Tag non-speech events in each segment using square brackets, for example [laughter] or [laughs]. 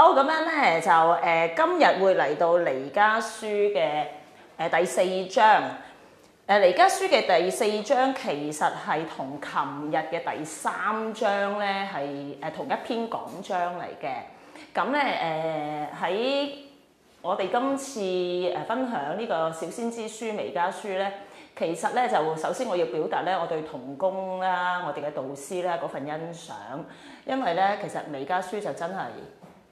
好，咁樣咧，就誒今日會嚟到《彌迦書》嘅誒第四章。誒《彌迦書》嘅第四章其實係同琴日嘅第三章咧係誒同一篇講章嚟嘅。咁咧誒喺我哋今次誒分享呢個小先知書《彌迦書》咧，其實咧就首先我要表達咧我對同工啦、我哋嘅導師咧嗰份欣賞，因為咧其實《彌迦書》就真係。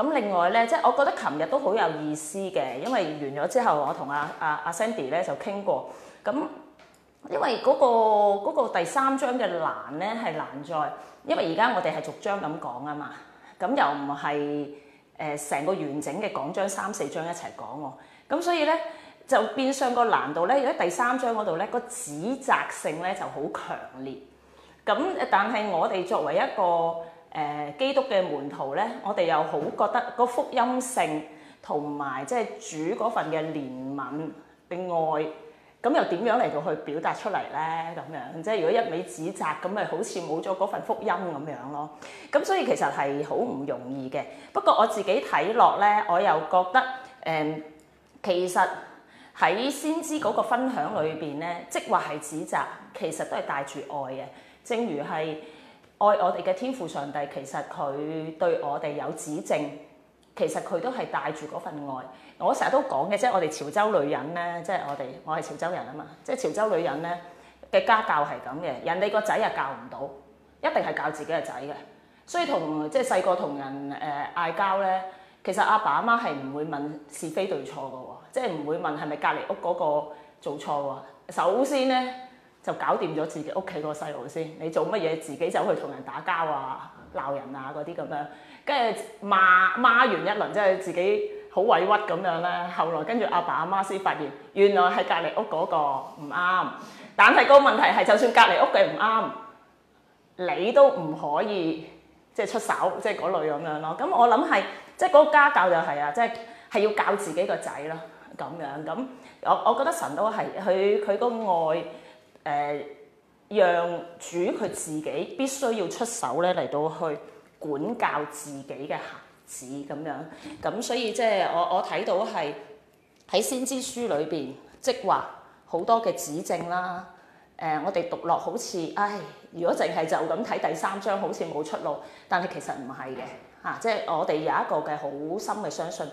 咁另外咧，即係我覺得琴日都好有意思嘅，因為完咗之後，我同阿阿阿 Sandy 咧就傾過。咁因為嗰個嗰個第三章嘅難咧係難在，因為而家我哋係逐章咁講啊嘛，咁又唔係誒成個完整嘅講章三四章一齊講喎。咁所以咧就變相個難度咧，喺第三章嗰度咧個指責性咧就好強烈。咁但係我哋作為一個誒、呃、基督嘅門徒咧，我哋又好覺得個福音性同埋即係主嗰份嘅憐憫嘅愛，咁又點樣嚟到去表達出嚟咧？咁樣即係如果一味指責，咁咪好似冇咗嗰份福音咁樣咯。咁所以其實係好唔容易嘅。不過我自己睇落咧，我又覺得誒、嗯，其實喺先知嗰個分享裏邊咧，即係話係指責，其實都係帶住愛嘅，正如係。愛我哋嘅天父上帝，其實佢對我哋有指正，其實佢都係帶住嗰份愛。我成日都講嘅，即係我哋潮州女人咧，即係我哋，我係潮州人啊嘛，即係潮州女人咧嘅家教係咁嘅，人哋個仔啊教唔到，一定係教自己嘅仔嘅。所以同即係細個同人誒嗌交咧，其實阿爸阿媽係唔會問是非對錯嘅喎，即係唔會問係咪隔離屋嗰個做錯喎。首先咧。就搞掂咗自己屋企個細路先，你做乜嘢自己走去同人打交啊、鬧人啊嗰啲咁樣，跟住罵罵完一輪即係，自己好委屈咁樣咧。後來跟住阿爸阿媽先發現，原來係隔離屋嗰個唔啱。但係個問題係，就算隔離屋嘅唔啱，你都唔可以即係出手，即係嗰類咁樣咯。咁我諗係即係嗰個家教就係啊，即係係要教自己個仔咯咁樣。咁我我覺得神都係佢佢個愛。誒、嗯，讓主佢自己必須要出手咧，嚟到去管教自己嘅孩子咁樣，咁所以即係我我睇到係喺先知書裏邊，即係話好多嘅指證啦。誒、呃，我哋讀落好似，唉，如果淨係就咁睇第三章，好似冇出路，但係其實唔係嘅，嚇、啊，即、就、係、是、我哋有一個嘅好深嘅相信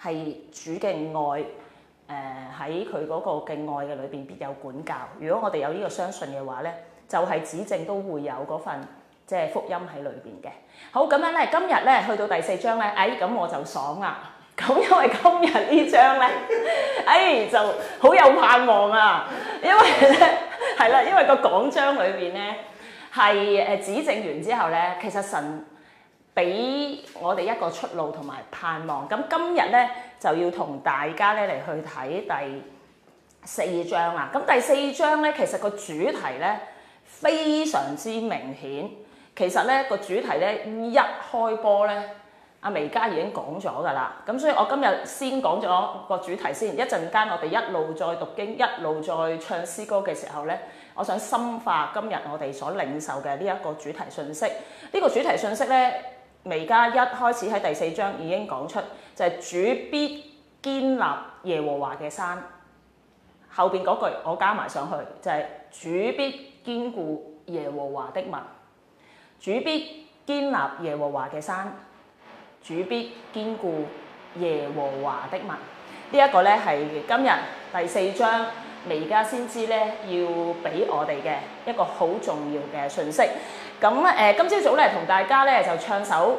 係主嘅愛。誒喺佢嗰個敬愛嘅裏邊必有管教，如果我哋有呢個相信嘅話咧，就係指正都會有嗰份即係福音喺裏邊嘅。好，咁樣咧，今日咧去到第四章咧，哎咁我就爽啦。咁因為今日呢章咧，哎就好有盼望啊，因為咧係啦，因為個講章裏邊咧係誒指正完之後咧，其實神，俾我哋一個出路同埋盼望。咁今日呢就要同大家呢嚟去睇第四章啦。咁第四章呢，其實個主題呢非常之明顯。其實呢個主題呢一開波呢，阿薇嘉已經講咗噶啦。咁所以我今日先講咗個主題先。一陣間我哋一路再讀經，一路再唱詩歌嘅時候呢，我想深化今日我哋所領受嘅呢一個主題信息。呢、呢個主題信息呢。微迦一開始喺第四章已經講出，就係主必堅立耶和華嘅山。後邊嗰句我加埋上去，就係主必堅固耶和華的民。主必堅立耶和華嘅山，主必堅固耶和華的民。這個、呢一個咧係今日第四章微迦先知咧要俾我哋嘅一個好重要嘅信息。咁誒，今朝早咧，同大家咧就唱首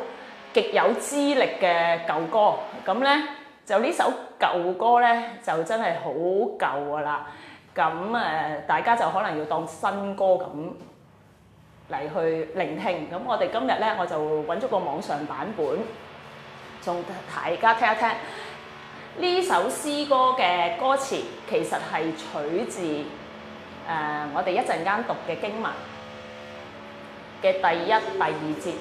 極有資歷嘅舊歌。咁咧就呢首舊歌咧，就真係好舊㗎喇。咁誒，大家就可能要當新歌咁嚟去聆聽。咁我哋今日咧，我就揾咗個網上版本，仲大家聽一聽呢首詩歌嘅歌詞，其實係取自誒我哋一陣間讀嘅經文。嘅第一、第二節，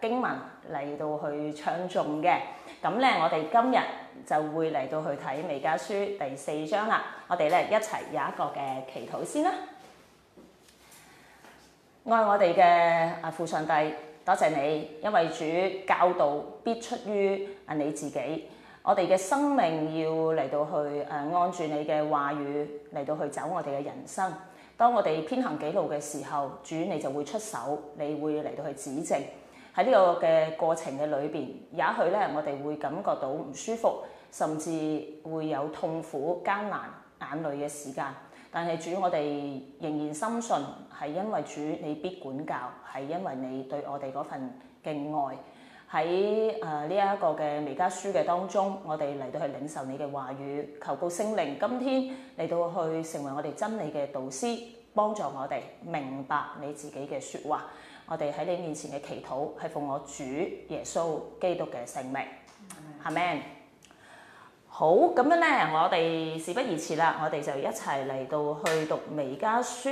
經文嚟到去唱頌嘅咁咧，我哋今日就會嚟到去睇《彌迦書》第四章啦。我哋咧一齊有一個嘅祈禱先啦。愛我哋嘅阿父上帝，多謝你，因為主教導必出於啊你自己。我哋嘅生命要嚟到去誒按住你嘅話語嚟到去走我哋嘅人生。當我哋偏行己路嘅時候，主你就會出手，你會嚟到去指正。喺呢個嘅過程嘅裏邊，也許咧我哋會感覺到唔舒服，甚至會有痛苦、艱難、眼淚嘅時間。但係主，我哋仍然深信係因為主你必管教，係因為你對我哋嗰份敬愛。喺誒呢一個嘅《彌迦書》嘅當中，我哋嚟到去領受你嘅話語，求告聖靈，今天嚟到去成為我哋真理嘅導師，幫助我哋明白你自己嘅説話。我哋喺你面前嘅祈禱，係奉我主耶穌基督嘅聖名，阿門。嗯，好，咁樣咧，我哋事不宜遲啦，我哋就一齊嚟到去讀《彌迦書》。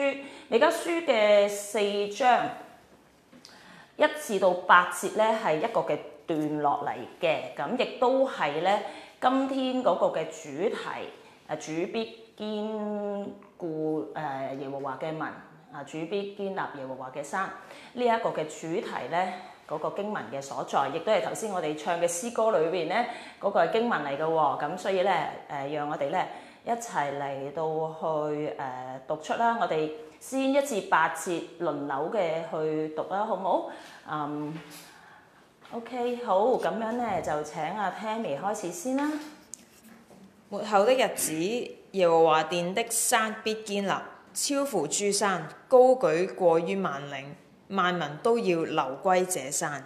《彌迦書》嘅四章一至到八節咧，係一個嘅段落嚟嘅，咁亦都係咧，今天嗰個嘅主題，誒主必堅固誒、呃、耶和華嘅民。主必堅立耶和華嘅山，呢、這、一個嘅主題咧，嗰、那個經文嘅所在，亦都係頭先我哋唱嘅詩歌裏邊咧，嗰、那個經文嚟嘅喎。咁所以咧，誒、呃，讓我哋咧一齊嚟到去誒、呃、讀出啦。我哋先一至八節輪流嘅去讀啦，好唔好？嗯、um,，OK，好，咁樣咧就請阿、啊、Tammy 開始先啦。末後的日子，耶和華殿的山必堅立。超乎諸山，高舉過於萬嶺，萬民都要流歸這山。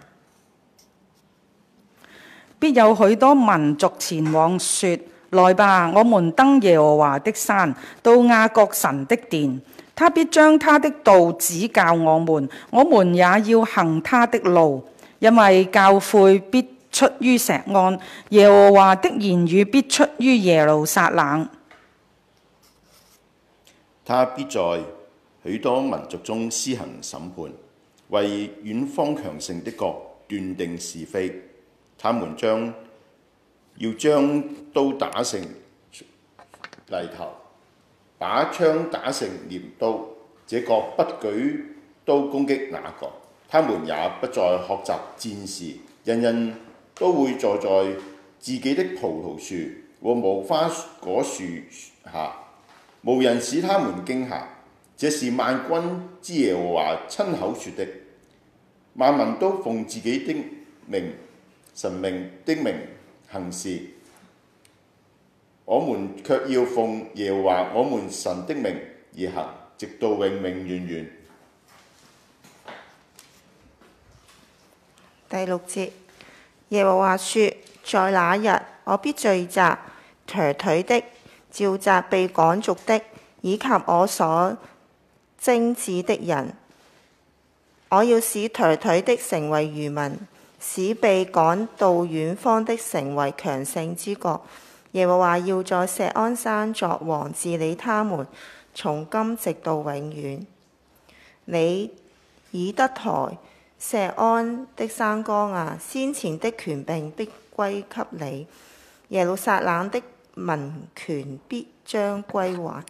必有許多民族前往說：來吧，我們登耶和華的山，到雅各神的殿。他必將他的道指教我們，我們也要行他的路。因為教誨必出於錫安，耶和華的言語必出於耶路撒冷。他必在許多民族中施行審判，為遠方強盛的國斷定是非。他們將要將刀打成犁頭，把槍打成鐮刀。這個不舉刀攻擊那個，他們也不再學習戰事。人人都會坐在自己的葡萄樹和無花果樹下。無人使他們驚嚇，這是萬軍之耶和華親口説的。萬民都奉自己的名，神明的名行事，我們卻要奉耶和華、我們神的名而行，直到永永遠遠。第六節，耶和華說：在那日，我必聚集瘸腿的，召集被趕逐的，以及我所懲治的人。我要使瘸腿，腿的成為餘民，使被趕到遠方的成為強盛之國。耶和華要在錫安山作王治理他們，從今直到永遠。你以得台錫安的山岡啊，先前的權柄必歸給你。耶路撒冷的民權必將歸還。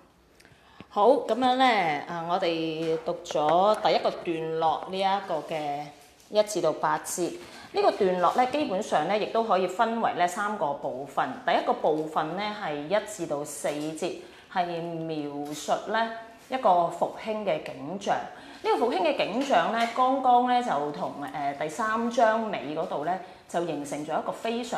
好，咁樣咧，啊，我哋讀咗第一個段落呢一個嘅一至到八節。呢個段落咧，基本上咧亦都可以分為咧三個部分。第一個部分咧係一至到四節，係描述咧一個復興嘅景象。呢個復興嘅景象咧，剛剛咧就同誒第三章尾嗰度咧就形成咗一個非常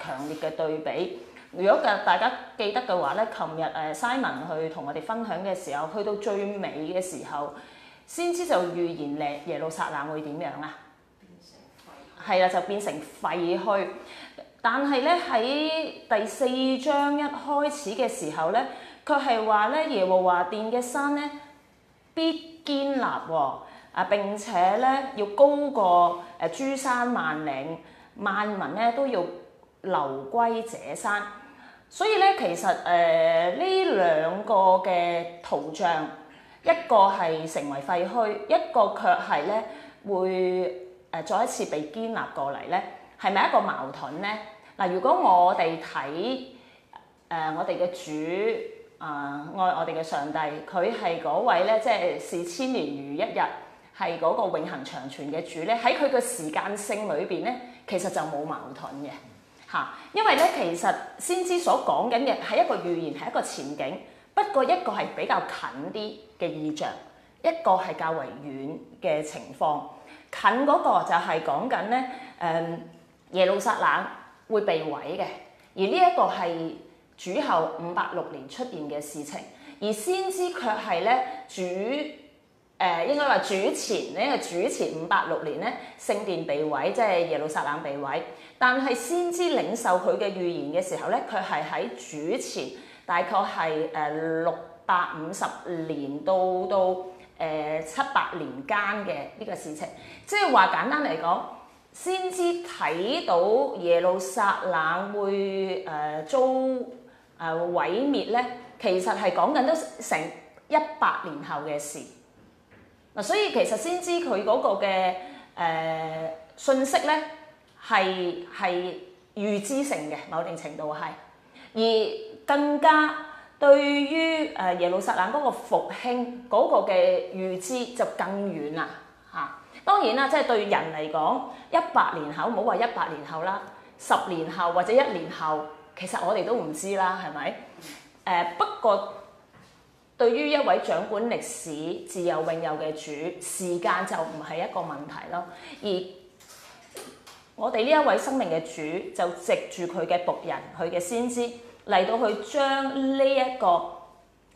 誒強烈嘅對比。如果大家記得嘅話咧，琴日誒 Simon 去同我哋分享嘅時候，去到最尾嘅時候，先知就預言咧，耶路撒冷會點樣啊？變成廢墟，係啦，就變成廢墟。但係咧喺第四章一開始嘅時候咧，佢係話咧，耶和華殿嘅山咧必堅立喎，啊並且咧要高過誒諸山萬嶺，萬民咧都要流歸這山。所以咧，其實誒呢兩個嘅圖像，一個係成為廢墟，一個卻係咧會誒再一次被建立過嚟咧，係咪一個矛盾咧？嗱、呃，如果我哋睇誒我哋嘅主啊愛、呃、我哋嘅上帝，佢係嗰位咧，即係視千年如一日，係嗰個永恆長存嘅主咧，喺佢嘅時間性裏邊咧，其實就冇矛盾嘅。嚇，因為咧其實先知所講緊嘅係一個預言，係一個前景。不過一個係比較近啲嘅異象，一個係較為遠嘅情況。近嗰個就係講緊咧，誒耶路撒冷會被毀嘅，而呢一個係主後五百六年出現嘅事情，而先知卻係咧主。誒應該話主前呢個，主前五八六年咧，聖殿被毀，即係耶路撒冷被毀。但係先知領受佢嘅預言嘅時候咧，佢係喺主前大概係誒六百五十年到到誒七百年間嘅呢個事情。即係話簡單嚟講，先知睇到耶路撒冷會誒遭誒毀滅咧，其實係講緊都成一百年後嘅事。所以其實先知佢嗰個嘅誒、呃、信息咧，係係預知性嘅某一定程度係，而更加對於誒、呃、耶路撒冷嗰個復興嗰個嘅預知就更遠啦嚇。當然啦，即、就、係、是、對人嚟講，一百年後唔好話一百年後啦，十年後或者一年後，其實我哋都唔知啦，係咪？誒、呃、不過。對於一位掌管歷史、自有、永有嘅主，時間就唔係一個問題咯。而我哋呢一位生命嘅主，就藉住佢嘅僕人、佢嘅先知嚟到去將呢一個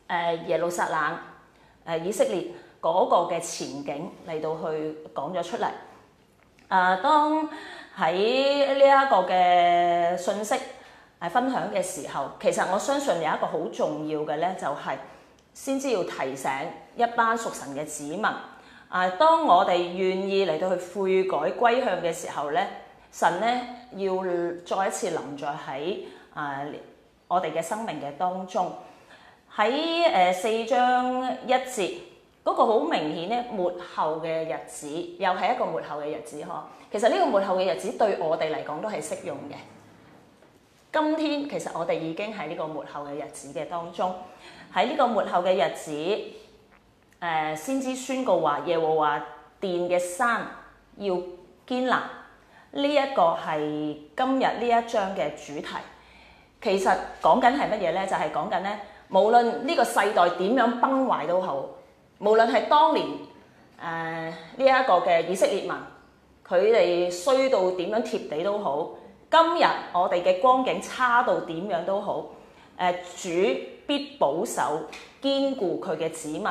誒耶路撒冷、誒以色列嗰個嘅前景嚟到去講咗出嚟。誒、啊，當喺呢一個嘅信息誒分享嘅時候，其實我相信有一個好重要嘅咧、就是，就係。先知要提醒一班屬神嘅子民，啊！當我哋願意嚟到去悔改歸向嘅時候咧，神咧要再一次臨在喺啊我哋嘅生命嘅當中。喺誒、呃、四章一節嗰、那個好明顯咧，末後嘅日子又係一個末後嘅日子呵、啊。其實呢個末後嘅日子對我哋嚟講都係適用嘅。今天其實我哋已經喺呢個末後嘅日子嘅當中。喺呢個末後嘅日子，誒、呃、先知宣告話耶和華殿嘅山要堅立，呢、這、一個係今日呢一章嘅主題。其實講緊係乜嘢呢？就係講緊呢：無論呢個世代點樣崩壞都好，無論係當年誒呢一個嘅以色列民佢哋衰到點樣貼地都好，今日我哋嘅光景差到點樣都好，誒、呃、主。必保守堅固佢嘅子民，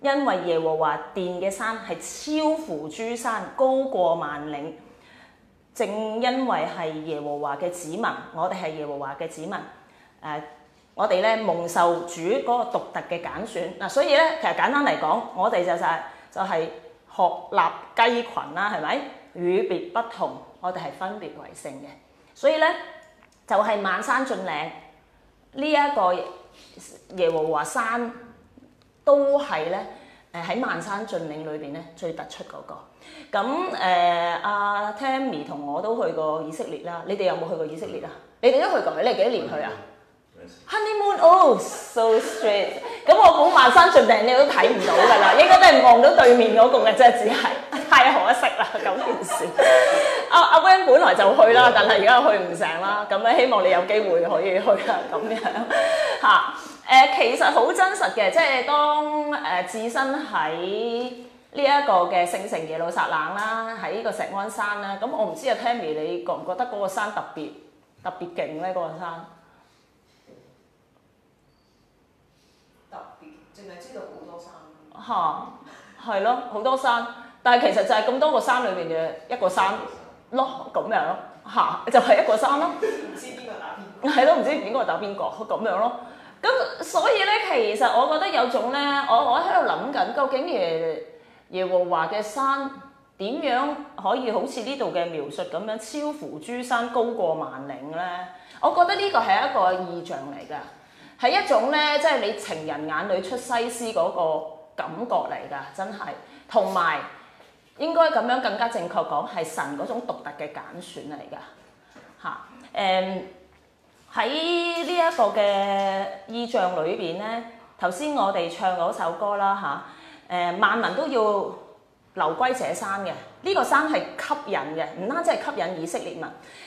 因為耶和華殿嘅山係超乎諸山，高過萬嶺。正因為係耶和華嘅子民，我哋係耶和華嘅子民。誒、呃，我哋咧蒙受主嗰個獨特嘅揀選嗱、啊，所以咧其實簡單嚟講，我哋就是、就係就係鶴立雞群啦，係咪與別不同？我哋係分別為聖嘅，所以咧就係、是、萬山峻嶺呢一個。耶和華山都係咧，誒，喺萬山峻嶺裏邊咧最突出嗰、那個。咁誒，阿、呃啊、Tammy 同我都去過以色列啦。你哋有冇去過以色列啊？嗯、你哋都去過，你哋幾年去啊？嗯 Honeymoon oh so sweet，咁我估萬山盡頂你都睇唔到噶啦，應該都係望到對面嗰個嘅啫，只係太可惜啦，咁件事。阿阿、 [laughs] uh, Van 本來就去啦，但係而家去唔成啦，咁咧希望你有機會可以去啦，咁樣嚇。誒、 [laughs] uh,，其實好真實嘅，即係當誒、uh, 置身喺呢一個嘅聖城耶路撒冷啦，喺呢個錫安山啦，咁我唔知阿 Tammy 你覺唔覺得嗰個山特別特別勁咧？嗰、嗰個山。算係知道好多山吓？嚇， [laughs] 係咯，好多山，但係其實就係咁多個山裏邊嘅一個山咯，咁 [laughs] 樣咯，吓？就係、係、一個山咯。唔 [laughs] 知邊個打邊個？係咯， [laughs] 唔知邊個打邊個咁樣咯。咁所以咧，其實我覺得有種咧，我我喺度諗緊，究竟耶耶和華嘅山點樣可以好似呢度嘅描述咁樣，超乎諸山，高過萬嶺咧？我覺得呢個係一個意象嚟㗎。係一種咧，即、就、係、是、你情人眼裏出西施嗰個感覺嚟噶，真係。同埋應該咁樣更加正確講，係神嗰種獨特嘅揀選嚟噶。嚇、啊，誒喺呢一個嘅意象裏邊咧，頭先我哋唱嗰首歌啦嚇，誒、啊、萬民都要流歸這山嘅，呢、這個山係吸引嘅，唔單止係吸引以色列民，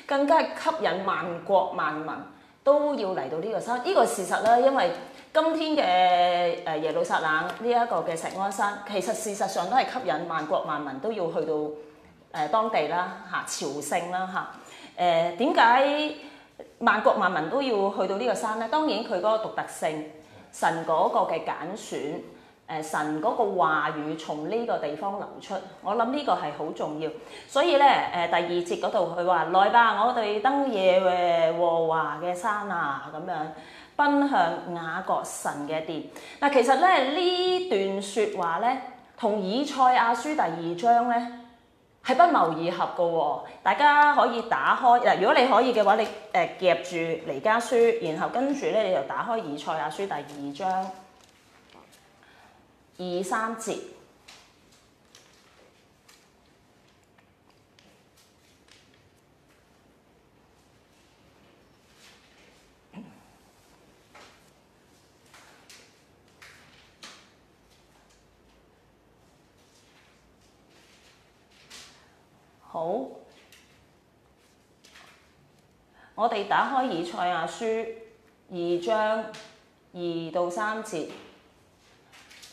更加係吸引萬國萬民。都要嚟到呢個山，呢個事實啦，因為今天嘅誒耶路撒冷呢一個嘅錫安山，其實事實上都係吸引萬國萬民都要去到誒當地啦，嚇、啊、朝聖啦，嚇誒點解萬國萬民都要去到呢個山咧？當然佢嗰個獨特性，神嗰個嘅揀選。誒神嗰個話語從呢個地方流出，我諗呢個係好重要。所以咧，誒第二節嗰度佢話： [noise] 來吧，我哋登夜耶和華嘅山啊，咁樣奔向雅各神嘅殿。嗱，其實咧呢段説話咧，同以賽亞書第二章咧係不謀而合嘅喎。大家可以打開嗱，如果你可以嘅話，你誒夾住彌迦書，然後跟住咧你就打開以賽亞書第二章。二三節，好，我哋打開以賽亞書二章二到三節。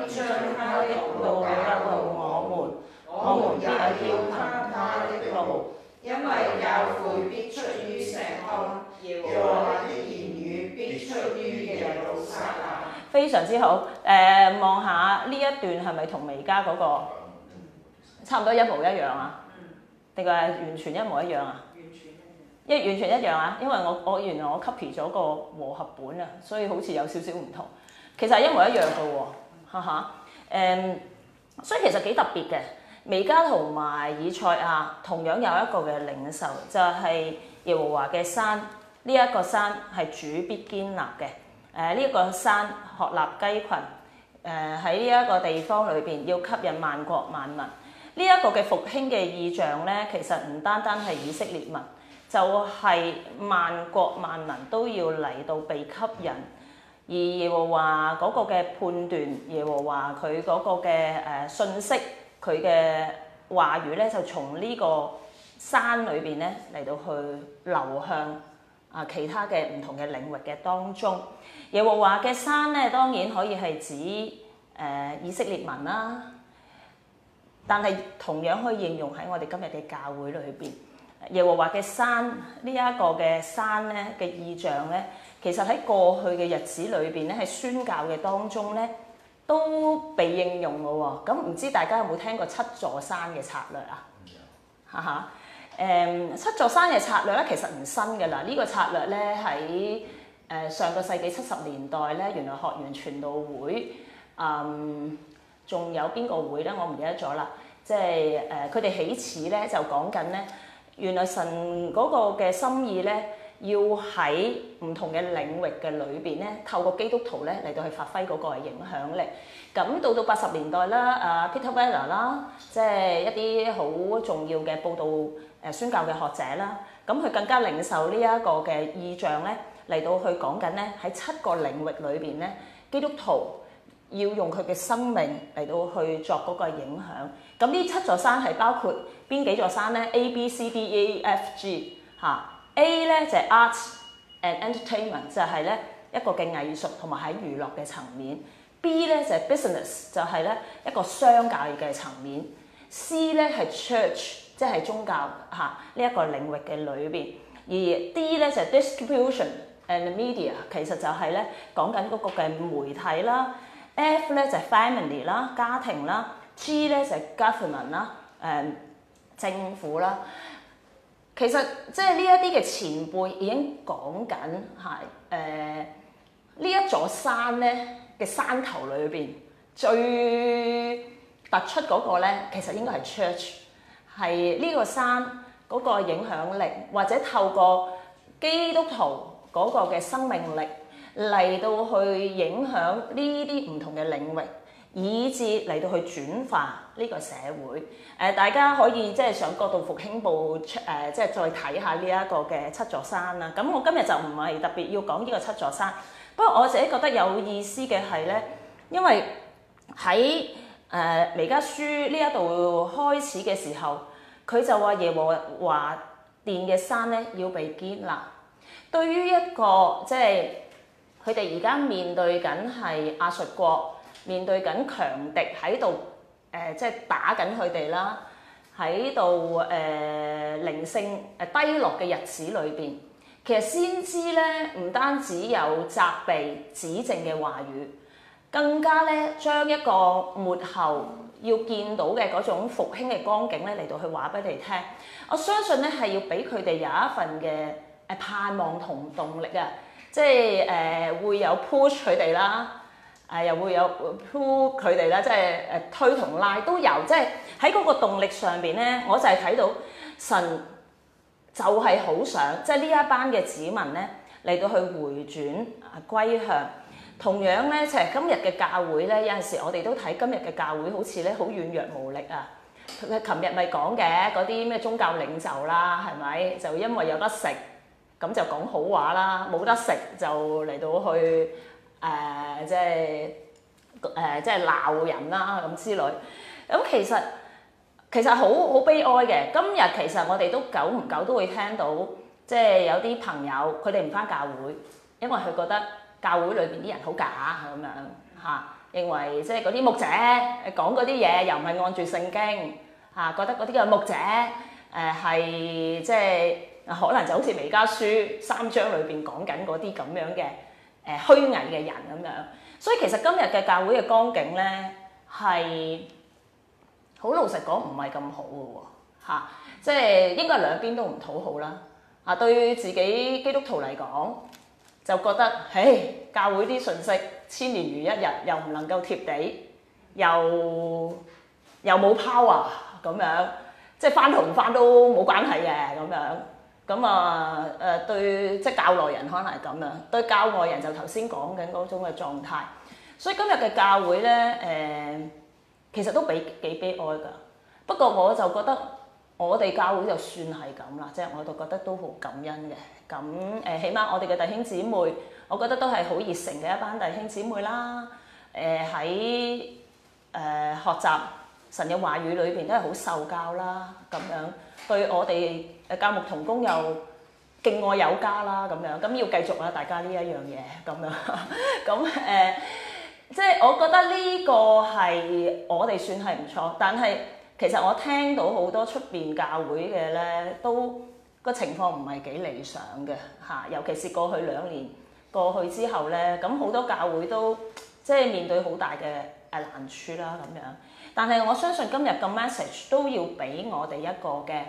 將他的道指教我們，我們也要行他的路，因為教誨必出於錫安，耶和華的言語必出於耶路撒冷。非常之好，誒、呃，望下呢一段係咪同彌迦嗰個差唔多一模一樣啊？定係、嗯、完全一模一樣啊？完全一模一樣啊！樣因為我我原來我 copy 咗個和合本啊，所以好似有少少唔同。其實係一模一樣噶喎。嗯嗯。哈哈，誒、uh，所以其實幾特別嘅，彌迦同埋以賽亞同樣有一個嘅領袖，就係、是、耶和華嘅山，呢、這、一個山係主必堅立嘅，誒、呃、呢、這個山鶴立雞群，誒喺呢一個地方裏邊要吸引萬國萬民，呢、這、一個嘅復興嘅意象咧，其實唔單單係以色列民，就係、是、萬國萬民都要嚟到被吸引。而耶和華嗰個嘅判斷，耶和華佢嗰個嘅誒信息，佢嘅話語咧，就從呢個山裏邊咧嚟到去流向啊其他嘅唔同嘅領域嘅當中。耶和華嘅山咧，當然可以係指誒以色列民啦，但係同樣可以應用喺我哋今日嘅教會裏邊。耶和華嘅山，呢一個嘅山咧嘅意象咧。其實喺過去嘅日子裏邊咧，喺宣教嘅當中咧，都被應用咯喎。咁唔知大家有冇聽過七座山嘅策略啊？嚇嚇、嗯，誒、嗯、七座山嘅策略咧，其實唔新噶啦。呢、這個策略咧喺誒上個世紀七十年代咧，原來學園傳道會，嗯，仲有邊個會咧？我唔記得咗啦。即係誒，佢、呃、哋起始咧就講緊咧，原來神嗰個嘅心意咧。要喺唔同嘅領域嘅裏邊咧，透過基督徒咧嚟到去發揮嗰個影響力。咁到到八十年代啦，啊 Peter Weller 啦，即係一啲好重要嘅報道誒宣教嘅學者啦。咁佢更加領受呢一個嘅意象咧，嚟到去講緊咧喺七個領域裏邊咧，基督徒要用佢嘅生命嚟到去作嗰個影響。咁呢七座山係包括邊幾座山咧？A, B, C, D, A F,、B、C、D、E、F、G，嚇。A 咧就係 art and entertainment，就係咧一個嘅藝術同埋喺娛樂嘅層面。B 咧就係 business，就係咧一個商界嘅層面。C 咧係 church，即係宗教嚇呢一個領域嘅裏邊。而 D 咧就係 distribution and media，其實就係咧講緊嗰個嘅媒體啦。F 咧就係 family 啦，家庭啦。G 咧就係 government 啦、呃，誒政府啦。其實即係呢一啲嘅前輩已經講緊係誒呢一座山咧嘅山頭裏邊最突出個咧，其實應該係 church 係呢個山個影響力，或者透過基督徒個嘅生命力嚟到去影響呢啲唔同嘅領域。以致嚟到去轉化呢個社會，誒、呃、大家可以即係上國度復興部誒即係再睇下呢一個嘅七座山啦。咁我今日就唔係特別要講呢個七座山，不過我自己覺得有意思嘅係咧，因為喺誒《彌、呃、迦書》呢一度開始嘅時候，佢就話耶和華殿嘅山咧要被堅立。對於一個即係佢哋而家面對緊係亞述國。面對緊強敵喺度，誒、呃、即係打緊佢哋啦，喺度誒靈性誒低落嘅日子裏邊，其實先知咧唔單止有責備指正嘅話語，更加咧將一個末後要見到嘅嗰種復興嘅光景咧嚟到去話俾你聽。我相信咧係要俾佢哋有一份嘅誒盼望同動力啊，即係誒、呃、會有 push 佢哋啦。誒又會有 pull 佢哋啦，即係誒推同拉都有，即係喺嗰個動力上邊咧，我就係睇到神就係好想，即係呢一班嘅子民咧嚟到去回轉啊歸向。同樣咧，即係今日嘅教會咧，有陣時我哋都睇今日嘅教會好似咧好軟弱無力啊。佢琴日咪講嘅嗰啲咩宗教領袖啦，係咪就因為有得食咁就講好話啦，冇得食就嚟到去。誒即係誒即係鬧人啦咁之類，咁其實其實好好悲哀嘅。今日其實我哋都久唔久都會聽到，即係有啲朋友佢哋唔返教會，因為佢覺得教會裏邊啲人好假咁樣嚇，認為即係嗰啲牧者講嗰啲嘢又唔係按住聖經嚇，覺得嗰啲嘅牧者誒係即係可能就好似《彌迦書》三章裏邊講緊嗰啲咁樣嘅。虛、呃、偽嘅人咁樣，所以其實今日嘅教會嘅光景咧，係好老實講唔係咁好嘅喎、啊、即係應該兩邊都唔討好啦。啊，對自己基督徒嚟講，就覺得唉，教會啲信息千年如一日，又唔能夠貼地，又又冇 p o w 咁樣，即係翻紅翻都冇關係嘅咁樣。咁啊，誒、呃、對，即係教內人可能係咁啦，對教外人就頭先講緊嗰種嘅狀態。所以今日嘅教會咧，誒、呃、其實都比幾悲哀㗎。不過我就覺得我哋教會就算係咁啦，即、就、係、是、我就覺得都好感恩嘅。咁誒、呃，起碼我哋嘅弟兄姊妹，我覺得都係好熱誠嘅一班弟兄姊妹啦。誒喺誒學習神嘅話語裏邊都係好受教啦，咁樣對我哋，教牧同工又敬愛有加啦，咁樣咁要繼續啊！大家呢一樣嘢咁樣咁誒，即、嗯、係、呃就是、我覺得呢個係我哋算係唔錯。但係其實我聽到好多出邊教會嘅咧，都個情況唔係幾理想嘅嚇。尤其是過去兩年過去之後咧，咁好多教會都即係、就是、面對好大嘅誒難處啦咁樣。但係我相信今日嘅 message 都要俾我哋一個嘅。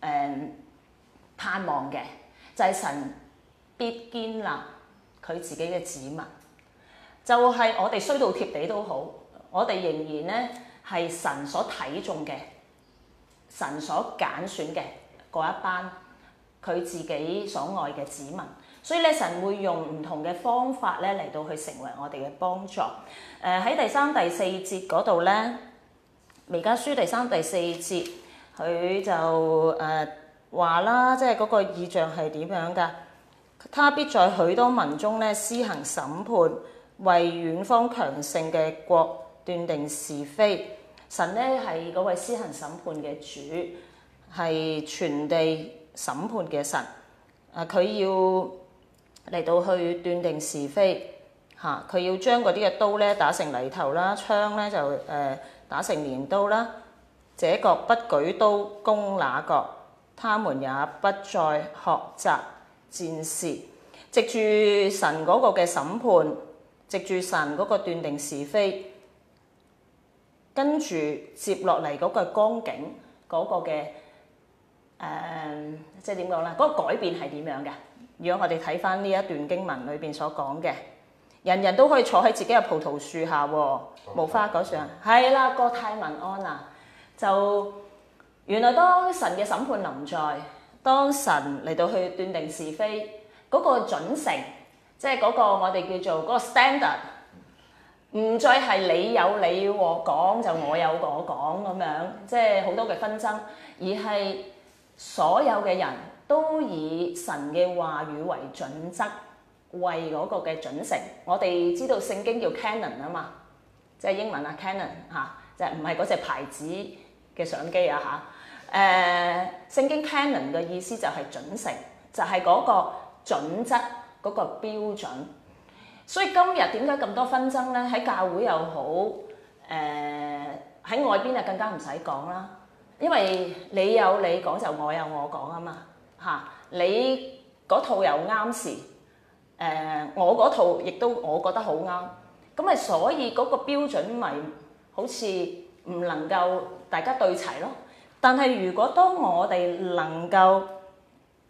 誒、嗯、盼望嘅就係、是、神必建立佢自己嘅子民，就係、是、我哋衰到貼地都好，我哋仍然咧係神所睇重嘅，神所揀選嘅嗰一班佢自己所愛嘅子民。所以咧，神會用唔同嘅方法咧嚟到去成為我哋嘅幫助。誒、呃、喺第三第四節嗰度咧，彌迦書第三第四節。佢就誒話、呃、啦，即係嗰個意象係點樣㗎？他必在許多民中咧施行審判，為遠方強盛嘅國斷定是非。神咧係嗰位施行審判嘅主，係全地審判嘅神。誒、啊，佢要嚟到去斷定是非，嚇、啊、佢要將嗰啲嘅刀咧打成犁頭啦，槍、啊、咧就誒、呃、打成鐮刀啦。啊這國不舉刀攻那國，他們也不再學習戰事。藉住神嗰個嘅審判，藉住神嗰個斷定是非，跟住接落嚟嗰個光景嗰、那個嘅誒、呃，即係點講咧？嗰、那個改變係點樣嘅？如果我哋睇翻呢一段經文裏邊所講嘅，人人都可以坐喺自己嘅葡萄樹下，嗯、無花果上、嗯，係啦，國泰民安啊！就原來當神嘅審判臨在，當神嚟到去斷定是非，嗰個準繩，即係嗰個我哋叫做嗰個 standard，唔再係你有你我講就我有我講咁樣，即係好多嘅紛爭，而係所有嘅人都以神嘅話語為準則，為嗰個嘅準繩。我哋知道聖經叫 canon 啊嘛，即係英文啊 canon 嚇，就唔係嗰隻牌子。嘅相機啊，嚇，誒聖經 Canon 嘅意思就係準成，就係嗰個準則，嗰個標準。所以今日點解咁多紛爭咧？喺教會又好，誒喺外邊啊，更加唔使講啦。因為你有你講就我有我講啊嘛，嚇，你嗰套又啱時，誒我嗰套亦都我覺得好啱。咁咪所以嗰個標準咪好似唔能夠。大家對齊咯，但係如果當我哋能夠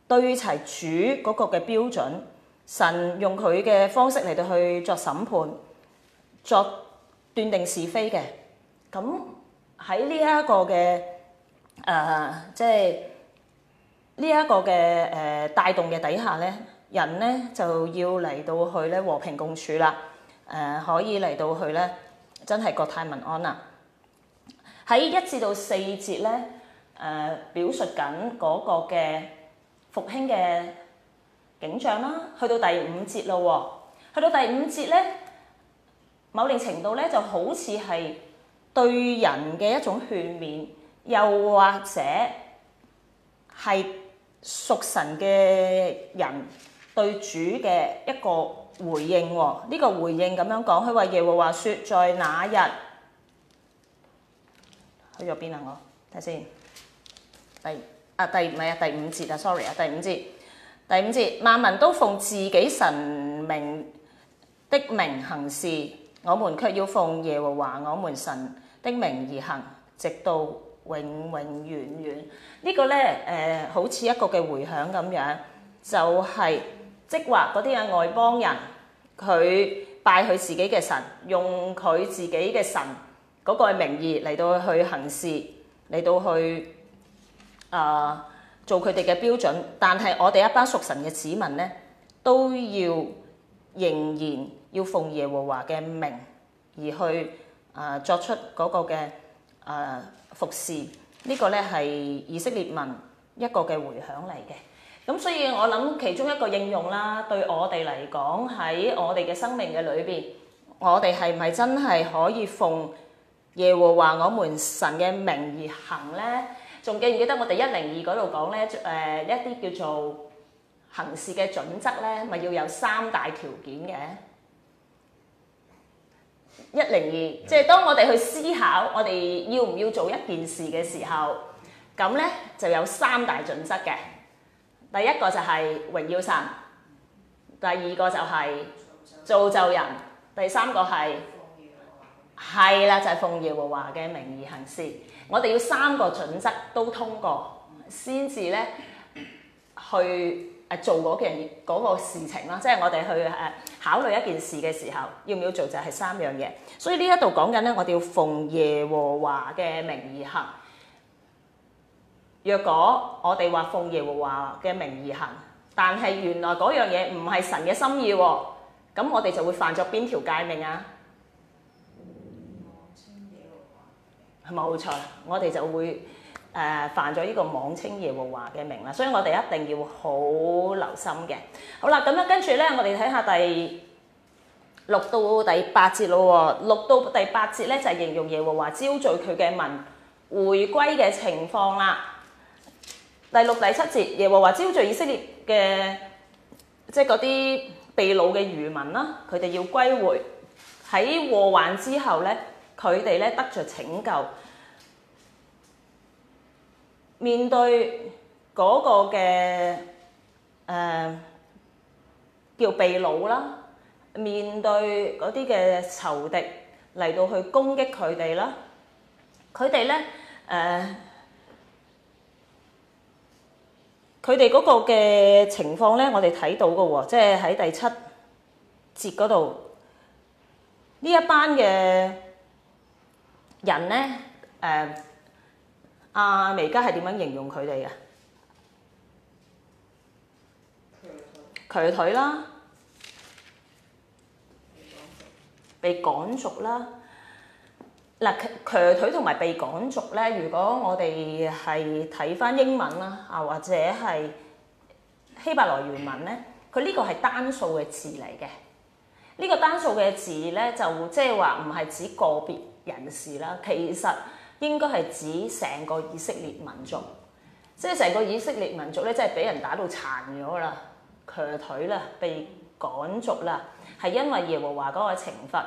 對齊主嗰個嘅標準，神用佢嘅方式嚟到去作審判、作斷定是非嘅，咁喺呢一個嘅誒，即係呢一個嘅誒帶動嘅底下咧，人咧就要嚟到去咧和平共處啦，誒可以嚟到去咧真係國泰民安啦！喺一至到四節咧，誒、呃、表述緊嗰個嘅復興嘅景象啦。去到第五節咯，去到第五節咧，某定程度咧就好似係對人嘅一種勸勉，又或者係屬神嘅人對主嘅一個回應、哦。呢、這個回應咁樣講，佢話耶和華說：在那日。去咗邊啊！我睇先，第啊第唔係啊第五節啊，sorry 啊第五節，第五節，萬民都奉自己神明的名行事，我們卻要奉耶和華我們神的名而行，直到永永遠遠。這個、呢個咧誒，好似一個嘅迴響咁樣，就係、是、即係嗰啲啊外邦人佢拜佢自己嘅神，用佢自己嘅神。嗰個嘅名義嚟到去行事，嚟到去啊做佢哋嘅標準，但係我哋一班屬神嘅子民咧，都要仍然要奉耶和華嘅名而去啊作出嗰個嘅啊服侍，呢個咧係以色列民一個嘅回響嚟嘅。咁所以我諗其中一個應用啦，對我哋嚟講喺我哋嘅生命嘅裏邊，我哋係咪真係可以奉？耶和華我們神嘅名而行咧，仲記唔記得我哋一零二嗰度講咧？誒，一啲叫做行事嘅準則咧，咪要有三大條件嘅。一零二，即係當我哋去思考我哋要唔要做一件事嘅時候，咁咧就有三大準則嘅。第一個就係榮耀神，第二個就係造就人，第三個係。係啦，就係奉耶和華嘅名義行事。我哋要三個準則都通過，先至咧去誒做嗰件嗰個事情啦。即係我哋去誒考慮一件事嘅時候，要唔要做就係三樣嘢。所以呢一度講緊咧，我哋要奉耶和華嘅名義行。若果我哋話奉耶和華嘅名義行，但係原來嗰樣嘢唔係神嘅心意喎，咁我哋就會犯咗邊條誡命啊？冇錯，我哋就會誒、呃、犯咗呢個妄稱耶和華嘅名啦，所以我哋一定要好留心嘅。好啦，咁樣跟住咧，我哋睇下第六到第八節咯、哦、六到第八節咧就係、是、形容耶和華招聚佢嘅民回歸嘅情況啦。第六第七節，耶和華招聚以色列嘅即係嗰啲被擄嘅餘民啦，佢哋要歸回喺禍患之後咧，佢哋咧得着拯救。面對嗰個嘅誒叫被擄啦，面對嗰啲嘅仇敵嚟到去攻擊佢哋啦，佢哋咧誒，佢哋嗰個嘅情況咧，我哋睇到嘅喎，即係喺第七節嗰度，呢一班嘅人咧誒。阿彌迦係點樣形容佢哋嘅？瘸腿啦，被趕逐啦。嗱，瘸腿同埋被趕逐咧，如果我哋係睇翻英文啦，啊或者係希伯來原文咧，佢呢個係單數嘅字嚟嘅。呢個單數嘅字咧，就即係話唔係指個別人士啦，其實。應該係指成個以色列民族，即係成個以色列民族咧，真係俾人打到殘咗啦，瘸腿啦，被趕逐啦，係因為耶和華嗰個懲罰。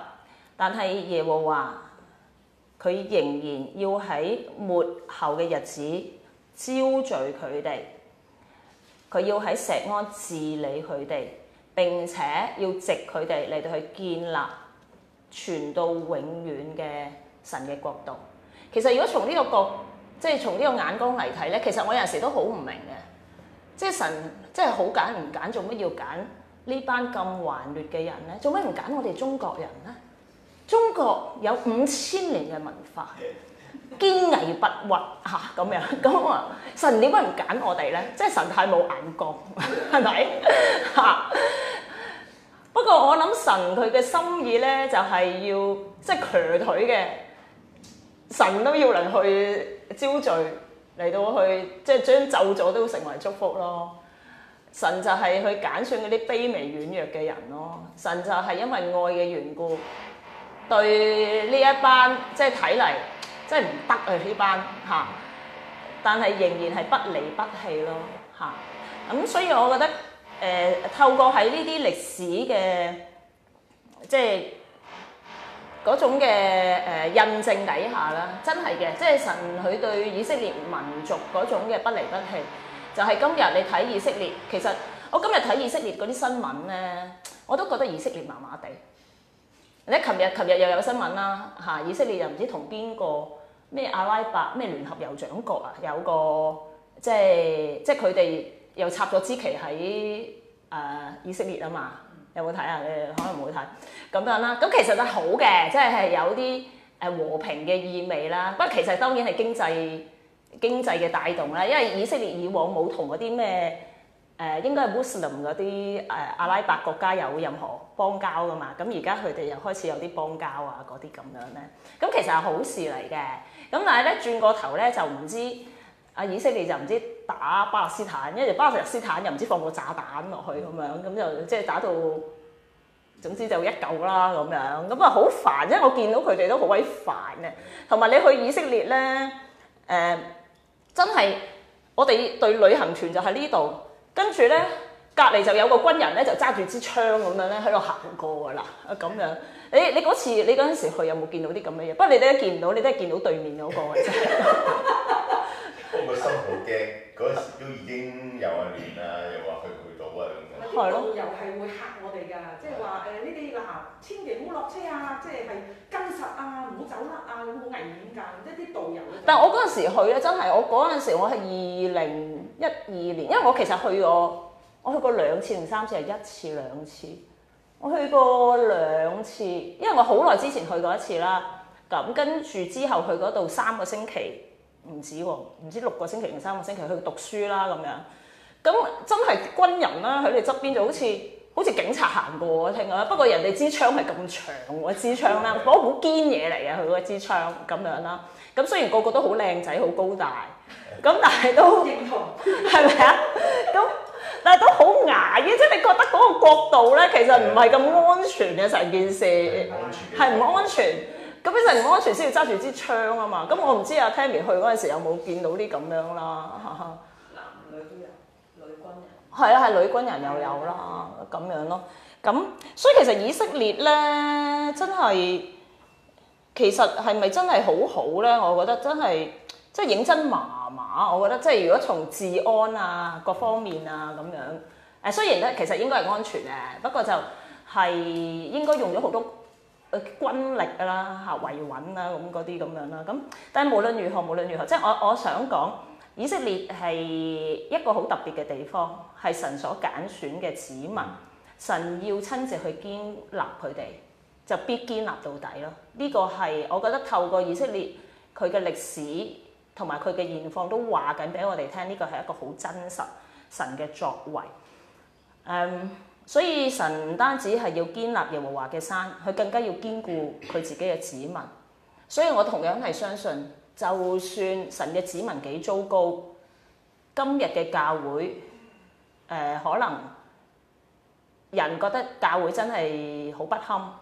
但係耶和華佢仍然要喺末後嘅日子招聚佢哋，佢要喺錫安治理佢哋，並且要藉佢哋嚟到去建立存到永遠嘅神嘅國度。其實如果從呢、這個角，即係從呢個眼光嚟睇咧，其實我有陣時都好唔明嘅，即係神即係好揀唔揀，做乜要揀呢班咁頑劣嘅人咧？做乜唔揀我哋中國人咧？中國有五千年嘅文化，堅毅不屈嚇咁、啊、樣，咁、嗯、啊，神點解唔揀我哋咧？即係神太冇眼光係咪？嚇！ [laughs] [laughs] 不過我諗神佢嘅心意咧，就係、是、要即係瘸腿嘅。神都要能去招聚，嚟到去即係將咒咗都成為祝福咯。神就係去揀選嗰啲卑微軟弱嘅人咯。神就係因為愛嘅緣故，對呢一班即係睇嚟即係唔得啊呢班嚇，但係仍然係不離不棄咯嚇。咁所以我覺得誒、呃，透過喺呢啲歷史嘅即係。嗰種嘅誒、呃、印證底下啦，真係嘅，即係神佢對以色列民族嗰種嘅不離不棄，就係、是、今日你睇以色列，其實我今日睇以色列嗰啲新聞咧，我都覺得以色列麻麻地。你睇琴日，琴日又有新聞啦，嚇、啊、以色列又唔知同邊個咩阿拉伯咩聯合酋長國啊，有個即係即係佢哋又插咗支旗喺誒、呃、以色列啊嘛。有冇睇啊？你哋可能冇睇咁樣啦。咁其實係好嘅，即係係有啲誒和平嘅意味啦。不過其實當然係經濟經濟嘅帶動啦。因為以色列以往冇同嗰啲咩誒應該係 Muslim 嗰啲誒阿拉伯國家有任何邦交噶嘛。咁而家佢哋又開始有啲邦交啊，嗰啲咁樣咧。咁其實係好事嚟嘅。咁但係咧，轉個頭咧就唔知啊，以色列就唔知。打巴勒斯坦，因為巴勒斯坦又唔知放個炸彈落去咁樣，咁就即係打到，總之就一嚿啦咁樣，咁啊好煩，因為我見到佢哋都好鬼煩嘅。同埋你去以色列咧，誒、呃、真係我哋對旅行團就喺呢度，跟住咧隔離就有個軍人咧就揸住支槍咁樣咧喺度行過噶啦，咁樣。誒你嗰次你嗰陣時去有冇見到啲咁嘅嘢？不過你都見唔到，你都係見到對面嗰、嗰個。 [laughs] [laughs] 我個心好驚。 [laughs] 嗰 [noise] 時都已經有一年啦，又話去唔去到啊咁樣。啲導遊又係會嚇我哋㗎，即係話誒呢啲嗱，千祈唔好落車啊，即係係跟實啊，唔好走甩啊，咁好危險㗎，一啲導遊。但係我嗰陣時去咧，真係我嗰陣時我係二零一二年，因為我其實去過，我去過兩次定三次係一次兩次，我去過兩次，因為我好耐之前去過一次啦，咁跟住之後去嗰度三個星期。唔止喎，唔知六個星期定三個星期去讀書啦咁樣，咁真係軍人啦，佢哋側邊就好似 [noise] 好似警察行過啊，聽啊。不過人哋支槍係咁長喎，支槍啦，嗰好堅嘢嚟嘅。佢嗰支槍咁樣啦。咁雖然個個都好靚仔，好高大，咁但係都，係咪啊？都，但係都好矮嘅，即係你覺得嗰個角度咧，其實唔係咁安全嘅成件事，安全，係唔安全。咁變成唔安全先要揸住支槍啊嘛！咁我唔知阿 Tammy、啊、去嗰陣時有冇見到啲咁樣啦。 [laughs] 男女啲人，女軍人係啊，係女軍人又有啦，咁人樣咯。咁所以其實以色列咧，真係其實係咪真係好好咧？我覺得真係即係認真麻麻。我覺得即係如果從治安啊各方面啊咁樣，誒雖然咧其實應該係安全嘅，不過就係應該用咗好多。軍力㗎啦，嚇，維穩啦，咁嗰啲咁樣啦咁，但係無論如何無論如何，即係我我想講以色列係一個好特別嘅地方，係神所揀選嘅子民，神要親自去堅立佢哋，就必堅立到底咯。呢、這個係我覺得透過以色列佢嘅歷史同埋佢嘅現況都話緊俾我哋聽，呢個係一個好真實神嘅作為。誒、嗯。所以神唔單止係要堅立耶和華嘅山，佢更加要堅固佢自己嘅子民。所以我同樣係相信，就算神嘅子民幾糟糕，今日嘅教會，誒、呃、可能人覺得教會真係好不堪，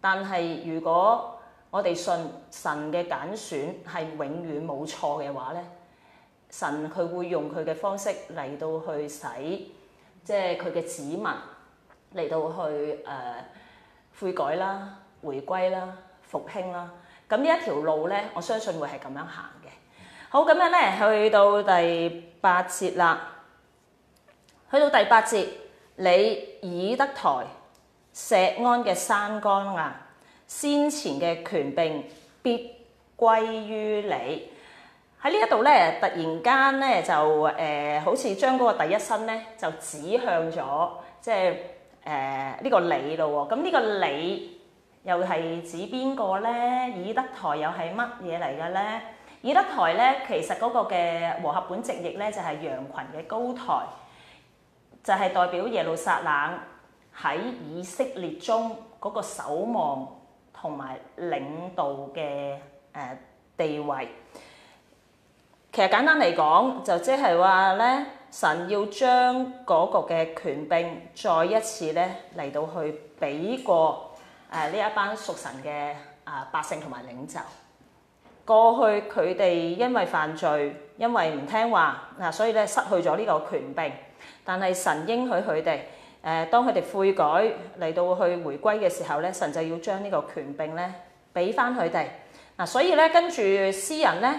但係如果我哋信神嘅揀選係永遠冇錯嘅話咧，神佢會用佢嘅方式嚟到去洗。即係佢嘅子民嚟到去誒、呃、悔改啦、回歸啦、復興啦。咁呢一條路咧，我相信會係咁樣行嘅。好，咁樣咧，去到第八節啦，去到第八節，你以德台錫安嘅山崗啊，先前嘅權柄必歸於你。喺呢一度咧，突然間咧就誒，好似將嗰個第一身咧就指向咗，即係誒呢個你咯喎。咁呢個你又係指邊個咧？以德台又係乜嘢嚟嘅咧？以德台咧其實嗰個嘅和合本直譯咧就係羊羣嘅高台，就係代表耶路撒冷喺以色列中嗰個守望同埋領導嘅誒地位。其實簡單嚟講，就即係話咧，神要將嗰個嘅權柄再一次咧嚟到去俾過誒呢一班屬神嘅啊百姓同埋領袖。過去佢哋因為犯罪，因為唔聽話，嗱，所以咧失去咗呢個權柄。但係神應許佢哋誒，當佢哋悔改嚟到去回歸嘅時候咧，神就要將呢個權柄咧俾翻佢哋。嗱，所以咧跟住詩人咧。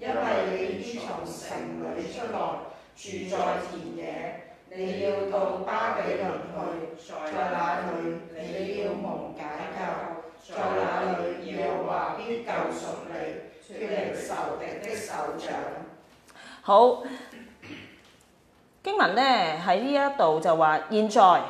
因為你要從城裏出來，住在田野，你要到巴比倫去，在那裏你要蒙解救，在那裏耶和華必救贖你，脫離仇敵的手掌。好， [coughs] 經文呢喺呢一度就話：現在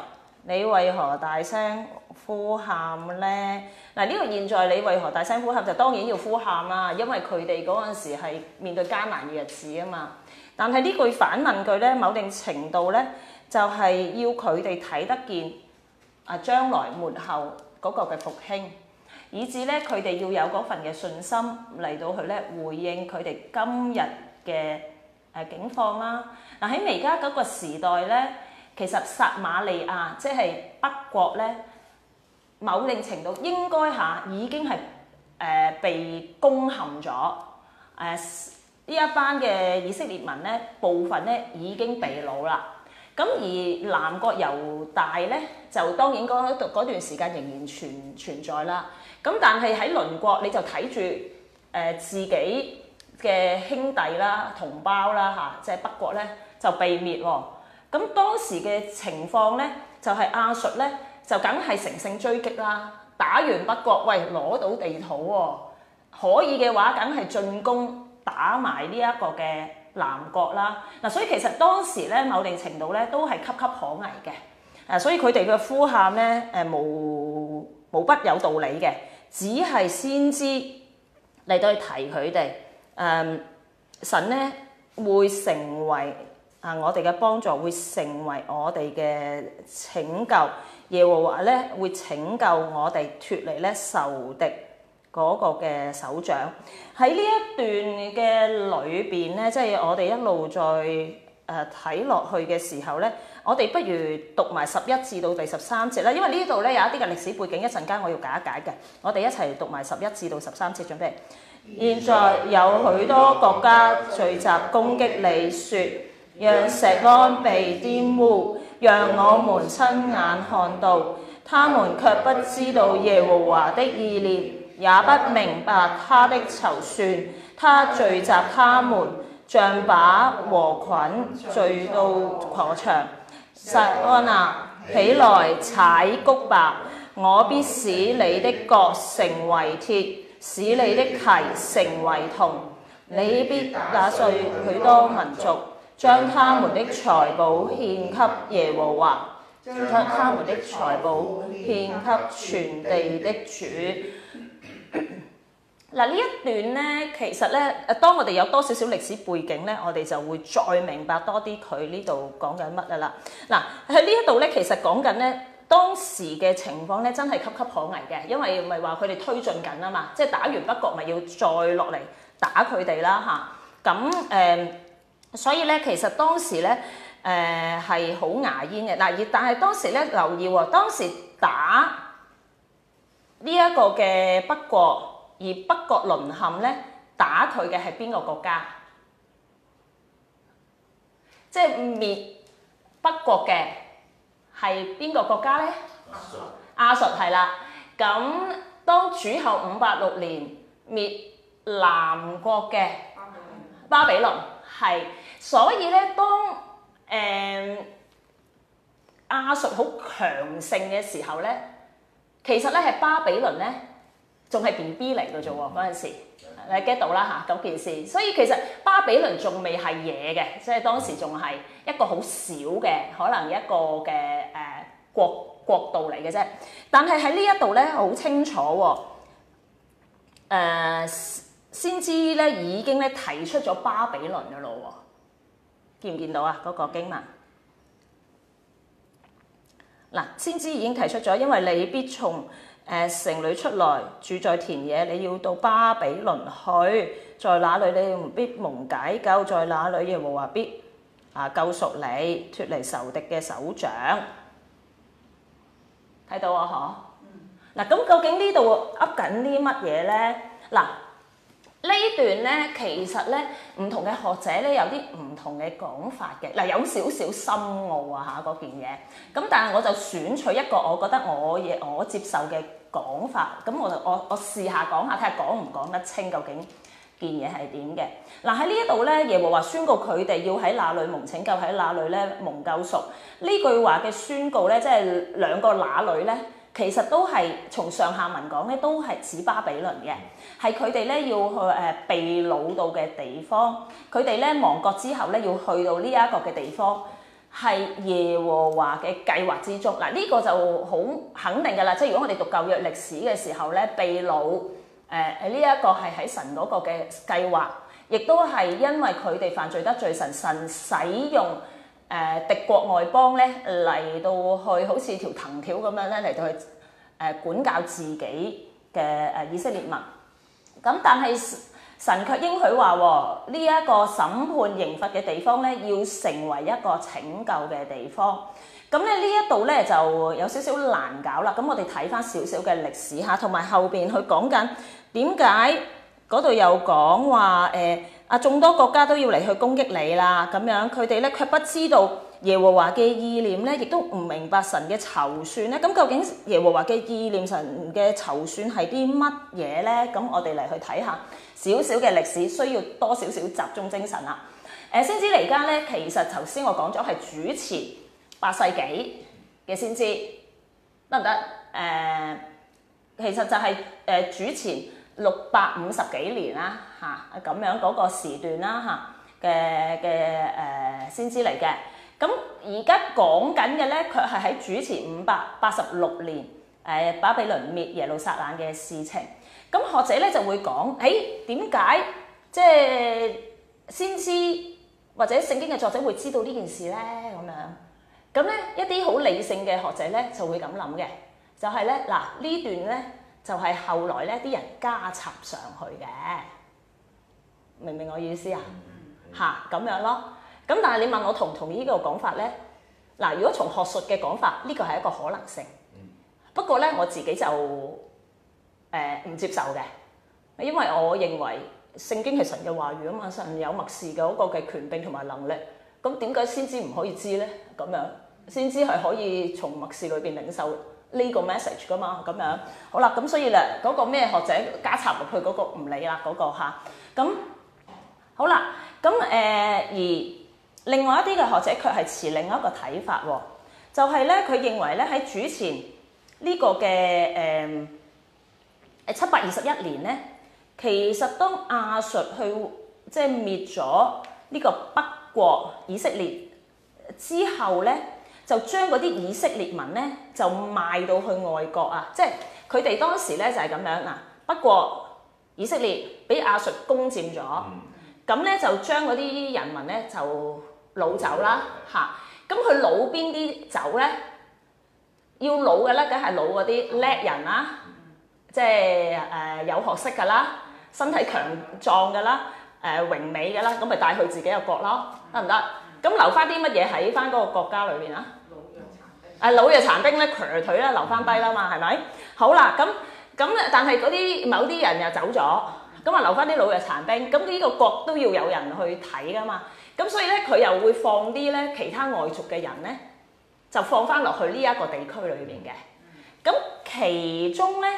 你為何大聲呼喊呢？」嗱，呢個現在你為何大聲呼喊？就當然要呼喊啦，因為佢哋嗰陣時係面對艱難嘅日子啊嘛。但係呢句反問句咧，某定程度咧，就係、是、要佢哋睇得見啊將來末後嗰個嘅復興，以致咧佢哋要有嗰份嘅信心嚟到去咧回應佢哋今日嘅誒境況啦。嗱，喺彌迦嗰個時代咧，其實撒瑪利亞即係北國咧。某令程度應該嚇已經係誒、呃、被攻陷咗，誒、呃、呢一班嘅以色列民咧，部分咧已經被擄啦。咁而南國猶大咧，就當然嗰段時間仍然存存在啦。咁但係喺鄰國你就睇住誒自己嘅兄弟啦、同胞啦嚇，即、啊、係、就是、北國咧就被滅喎。咁、嗯、當時嘅情況咧，就係、是、亞述咧。就梗係乘勝追擊啦，打完北國，喂攞到地土喎，可以嘅話，梗係進攻打埋呢一個嘅南國啦。嗱，所以其實當時咧，某地程度咧都係岌岌可危嘅。啊，所以佢哋嘅呼喊咧，誒無無不有道理嘅，只係先知嚟到去提佢哋。誒神咧會成為啊，我哋嘅幫助會成為我哋嘅拯救。耶和華咧會拯救我哋脱離咧仇敵嗰個嘅手掌。喺呢一段嘅裏邊咧，即係我哋一路再誒睇落去嘅時候咧，我哋不如讀埋十一至到第十三節啦，因為呢度咧有一啲嘅歷史背景，一陣間我要解,解一解嘅。我哋一齊讀埋十一至到十三節，準備。現在有許多國家聚集攻擊你，説讓錫安被玷污。讓我們親眼看到，他們卻不知道耶和華的意念，也不明白他的籌算。他聚集他們，像把禾捆聚到禾場。錫安哪、啊，起來踩穀吧！我必使你的角成為鐵，使你的蹄成為銅。你必打碎許多民族。將他們的財寶獻給耶和華，將他們的財寶獻給全地的主。嗱，呢 [coughs] 一段咧，其實咧，當我哋有多少少歷史背景咧，我哋就會再明白多啲佢、啊、呢度講緊乜㗎啦。嗱，喺呢一度咧，其實講緊咧，當時嘅情況咧，真係岌岌可危嘅，因為唔係話佢哋推進緊啊嘛，即係打完北國咪要再落嚟打佢哋啦吓，咁、啊、誒？啊嗯所以咧，其實當時咧，誒係好牙煙嘅。嗱，而但係當時咧留意喎，當時打呢一個嘅北國，而北國淪陷咧，打佢嘅係邊個國家？即係滅北國嘅係邊個國家咧？亞述，亞述係啦。咁當主後五百六年滅南國嘅。巴比,倫呃、巴比倫係，所以咧當誒亞述好強盛嘅時候咧，其實咧係巴比倫咧，仲係 B B 嚟嘅啫喎，嗰陣時你 get 到啦嚇嗰件事。所以其實巴比倫仲未係嘢嘅，即係當時仲係一個好少嘅，可能一個嘅誒、呃、國國度嚟嘅啫。但係喺呢一度咧，好清楚喎、啊，呃先知咧已經咧提出咗巴比倫嘅咯喎，見唔見到啊？嗰個經文，嗱，先知已經提出咗，因為你必從誒城裏出來，住在田野，你要到巴比倫去，在那裏你又唔必蒙解救，在那裏又冇話必啊救贖你，脫離仇敵嘅手掌，睇到啊呵？嗱，咁究竟呢度噏緊啲乜嘢咧？嗱。段呢段咧，其實咧，唔同嘅學者咧有啲唔同嘅講法嘅，嗱，有少少深奧啊嚇嗰件嘢，咁但係我就選取一個我覺得我嘢我接受嘅講法，咁我就我我試下講下睇下講唔講得清究竟件嘢係點嘅。嗱、啊、喺呢一度咧，耶和華宣告佢哋要喺哪裏蒙拯救，喺哪裏咧蒙救贖。呢句話嘅宣告咧，即係兩個哪裏咧？其實都係從上下文講咧，都係指巴比倫嘅，係佢哋咧要去誒被擄到嘅地方。佢哋咧亡國之後咧，要去到呢一個嘅地方，係耶和華嘅計劃之中。嗱，呢個就好肯定㗎喇，即係如果我哋讀舊約歷史嘅時候咧，被擄誒呢一個係喺神嗰個嘅計劃，亦都係因為佢哋犯罪得罪神，神使用。誒敵國外邦咧嚟到去好似條藤條咁樣咧嚟到去誒管教自己嘅誒以色列民，咁但係神卻應許話呢一個審判刑罰嘅地方咧，要成為一個拯救嘅地方。咁咧呢一度咧就有少少難搞啦。咁我哋睇翻少少嘅歷史嚇，同埋後邊佢講緊點解嗰度有講話誒？啊！眾多國家都要嚟去攻擊你啦，咁樣佢哋咧卻不知道耶和華嘅意念咧，亦都唔明白神嘅籌算咧。咁究竟耶和華嘅意念神、神嘅籌算係啲乜嘢咧？咁我哋嚟去睇下少少嘅歷史，需要多少少集中精神啊！誒先知嚟家咧，其實頭先我講咗係主前八世紀嘅先知，得唔得？誒、呃、其實就係、是、誒、呃、主前，六百五十幾年啦，嚇、啊、咁樣嗰個時段啦，嚇嘅嘅誒先知嚟嘅。咁而家講緊嘅咧，佢係喺主前五百八十六年誒、啊、巴比倫滅耶路撒冷嘅事情。咁、啊、學者咧就會講：誒點解即係先知或者聖經嘅作者會知道呢件事咧？咁、啊、樣咁咧、啊，一啲好理性嘅學者咧就會咁諗嘅，就係咧嗱呢、啊、段咧。就係後來咧，啲人加插上去嘅，明唔明我意思、嗯嗯、啊？嚇咁樣咯。咁但係你問我同唔同意呢個講法咧？嗱，如果從學術嘅講法，呢個係一個可能性。不過咧，我自己就誒唔、呃、接受嘅，因為我認為聖經係神嘅話語，如果晚上有默示嘅嗰個嘅權柄同埋能力。咁點解先知唔可以知咧？咁樣先知係可以從默示裏邊領受。呢個 message 㗎嘛，咁樣好啦，咁所以咧嗰、那個咩學者加插入去嗰、那個唔理啦嗰、那個吓，咁、啊、好啦，咁、呃、誒而另外一啲嘅學者卻係持另一個睇法喎、哦，就係咧佢認為咧喺主前、這個呃、呢個嘅誒誒七百二十一年咧，其實當亞述去即係滅咗呢個北國以色列之後咧。就將嗰啲以色列民咧，就賣到去外國啊！即係佢哋當時咧就係、是、咁樣嗱。不過以色列俾亞述攻佔咗，咁咧、嗯、就將嗰啲人民咧就老走啦吓，咁佢老邊啲走咧，要老嘅咧，梗係老嗰啲叻人啦，即係誒、呃、有學識噶啦，身體強壯噶啦，誒、呃、榮美噶啦，咁咪帶去自己個國咯，得唔得？咁、嗯、留翻啲乜嘢喺翻嗰個國家裏邊啊？誒老弱殘兵咧，瘸腿啦，留翻低啦嘛，係咪？好啦，咁咁咧，但係嗰啲某啲人又走咗，咁啊留翻啲老弱殘兵。咁呢個國都要有人去睇噶嘛。咁所以咧，佢又會放啲咧其他外族嘅人咧，就放翻落去呢一個地區裏邊嘅。咁其中咧，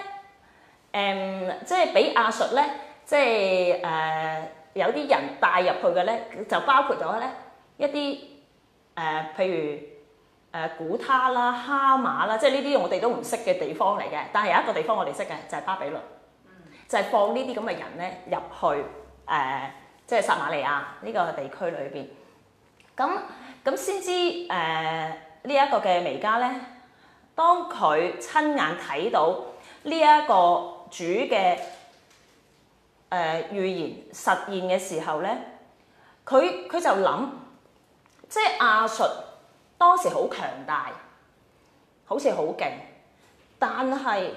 誒即係俾阿術咧，即係誒有啲人帶入去嘅咧，就包括咗咧一啲誒譬如。誒古他啦、哈馬啦，即係呢啲我哋都唔識嘅地方嚟嘅。但係有一個地方我哋識嘅，就係、是、巴比倫，嗯、就係放呢啲咁嘅人咧入去誒、呃，即係撒瑪利亞呢個地區裏邊。咁咁先知誒、呃這個、呢一個嘅彌迦咧，當佢親眼睇到呢一個主嘅誒、呃、預言實現嘅時候咧，佢佢就諗，即係亞述。當時好強大，好似好勁，但係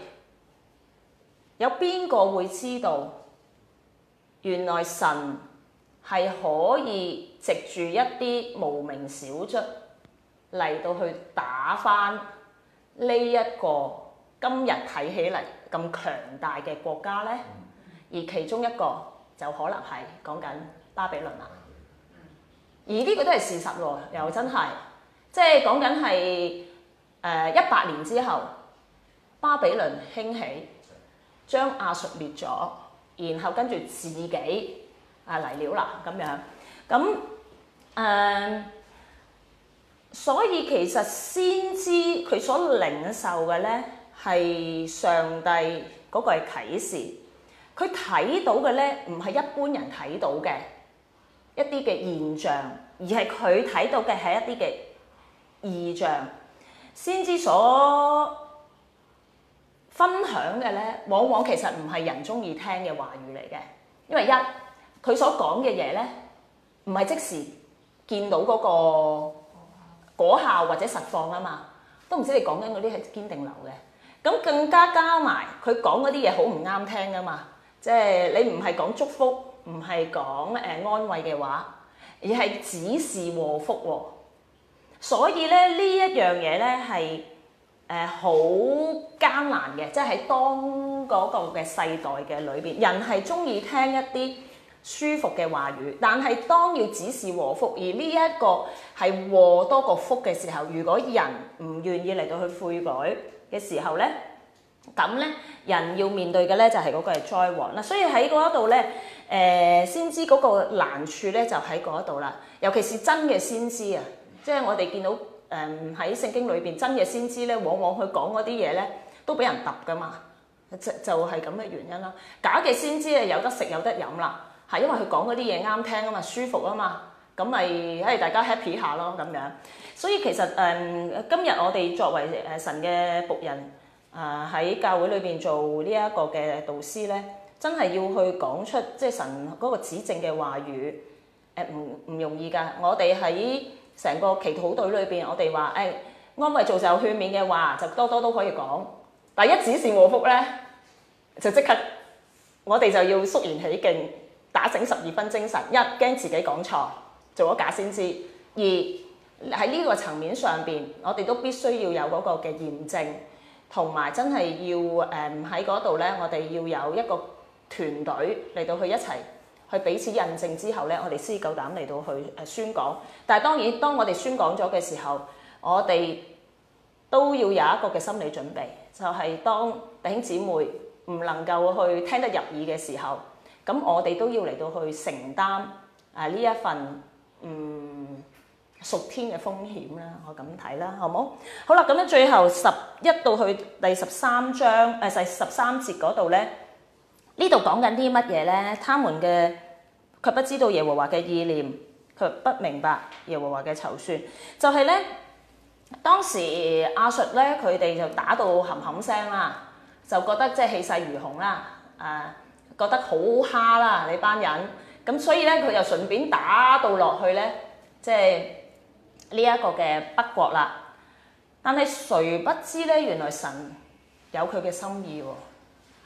有邊個會知道原來神係可以藉住一啲無名小卒嚟到去打返呢一個今日睇起嚟咁強大嘅國家呢？而其中一個就可能係講緊巴比倫啦。而呢個都係事實喎，又真係。即係講緊係誒一百年之後，巴比倫興起，將亞述滅咗，然後跟住自己啊嚟了啦咁樣咁誒。所以其實先知佢所領受嘅咧係上帝嗰個係啟示，佢睇到嘅咧唔係一般人睇到嘅一啲嘅現象，而係佢睇到嘅係一啲嘅。異象，先知所分享嘅咧，往往其實唔係人中意聽嘅話語嚟嘅。因為一，佢所講嘅嘢咧，唔係即時見到嗰個果效或者實況啊嘛。都唔知你講緊嗰啲係堅定流嘅。咁更加加埋，佢講嗰啲嘢好唔啱聽啊嘛。即係你唔係講祝福，唔係講誒安慰嘅話，而係指示禍福所以咧，呢一樣嘢咧係誒好艱難嘅，即係喺當嗰個嘅世代嘅裏邊，人係中意聽一啲舒服嘅話語。但係當要指示禍福，而呢一個係禍多過福嘅時候，如果人唔願意嚟到去悔改嘅時候咧，咁咧人要面對嘅咧就係、是、嗰個係災禍啦。所以喺嗰度咧誒，先知嗰個難處咧就喺嗰度啦。尤其是真嘅先知啊！即係我哋見到誒喺聖經裏邊真嘅先知咧，往往佢講嗰啲嘢咧都俾人揼㗎嘛，就就係咁嘅原因啦。假嘅先知咧有得食有得飲啦，係因為佢講嗰啲嘢啱聽啊嘛，舒服啊嘛，咁咪誒大家 happy 下咯咁樣。所以其實誒、嗯、今日我哋作為誒神嘅僕人啊，喺、呃、教會裏邊做呢一個嘅導師咧，真係要去講出即係神嗰個指正嘅話語誒，唔、呃、唔容易㗎。我哋喺成個祈禱隊裏邊，我哋話誒安慰做就勸勉嘅話，就多多都可以講。但一指示禍福咧，就即刻，我哋就要肅然起敬，打醒十二分精神。一驚自己講錯，做咗假先知；二喺呢個層面上邊，我哋都必須要有嗰個嘅驗證，同埋真係要誒唔喺嗰度咧，我哋要有一個團隊嚟到去一齊。去彼此印證之後咧，我哋先夠膽嚟到去誒宣講。但係當然，當我哋宣講咗嘅時候，我哋都要有一個嘅心理準備，就係當弟兄姊妹唔能夠去聽得入耳嘅時候，咁我哋都要嚟到去承擔啊呢一份嗯屬天嘅風險啦。我咁睇啦，好冇？好啦，咁咧最後十一到去第十三章誒，第十三節嗰度咧。講呢度講緊啲乜嘢咧？他們嘅卻不知道耶和華嘅意念，卻不明白耶和華嘅籌算。就係、是、咧，當時亞述咧，佢哋就打到冚冚聲啦，就覺得即係氣勢如虹啦，誒、啊，覺得好蝦啦呢班人。咁所以咧，佢就順便打到落去咧，即係呢一個嘅北國啦。但係誰不知咧，原來神有佢嘅心意喎、哦。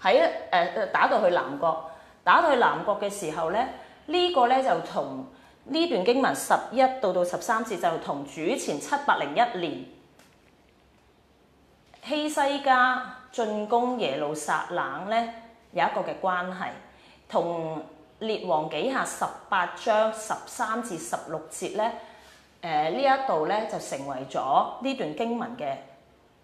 喺誒誒打到去南國，打到去南國嘅時候咧，這個、呢個咧就同呢段經文十一到到十三節就同主前七百零一年希西家進攻耶路撒冷咧有一個嘅關係，同列王紀下十八章十三至十六節咧，誒、呃、呢一度咧就成為咗呢段經文嘅。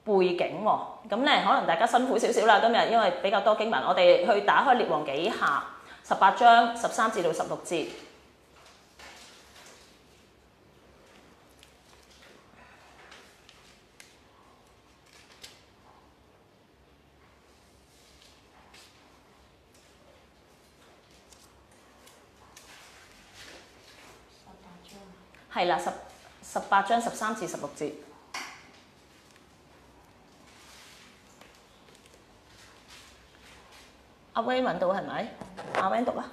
背景喎，咁呢可能大家辛苦少少啦，今日因為比較多經文，我哋去打開幾下《列王紀》下十八章十三至到十六節。十八章啊，係啦，十十八章十三至十六節。阿威問到係咪？阿威讀啦。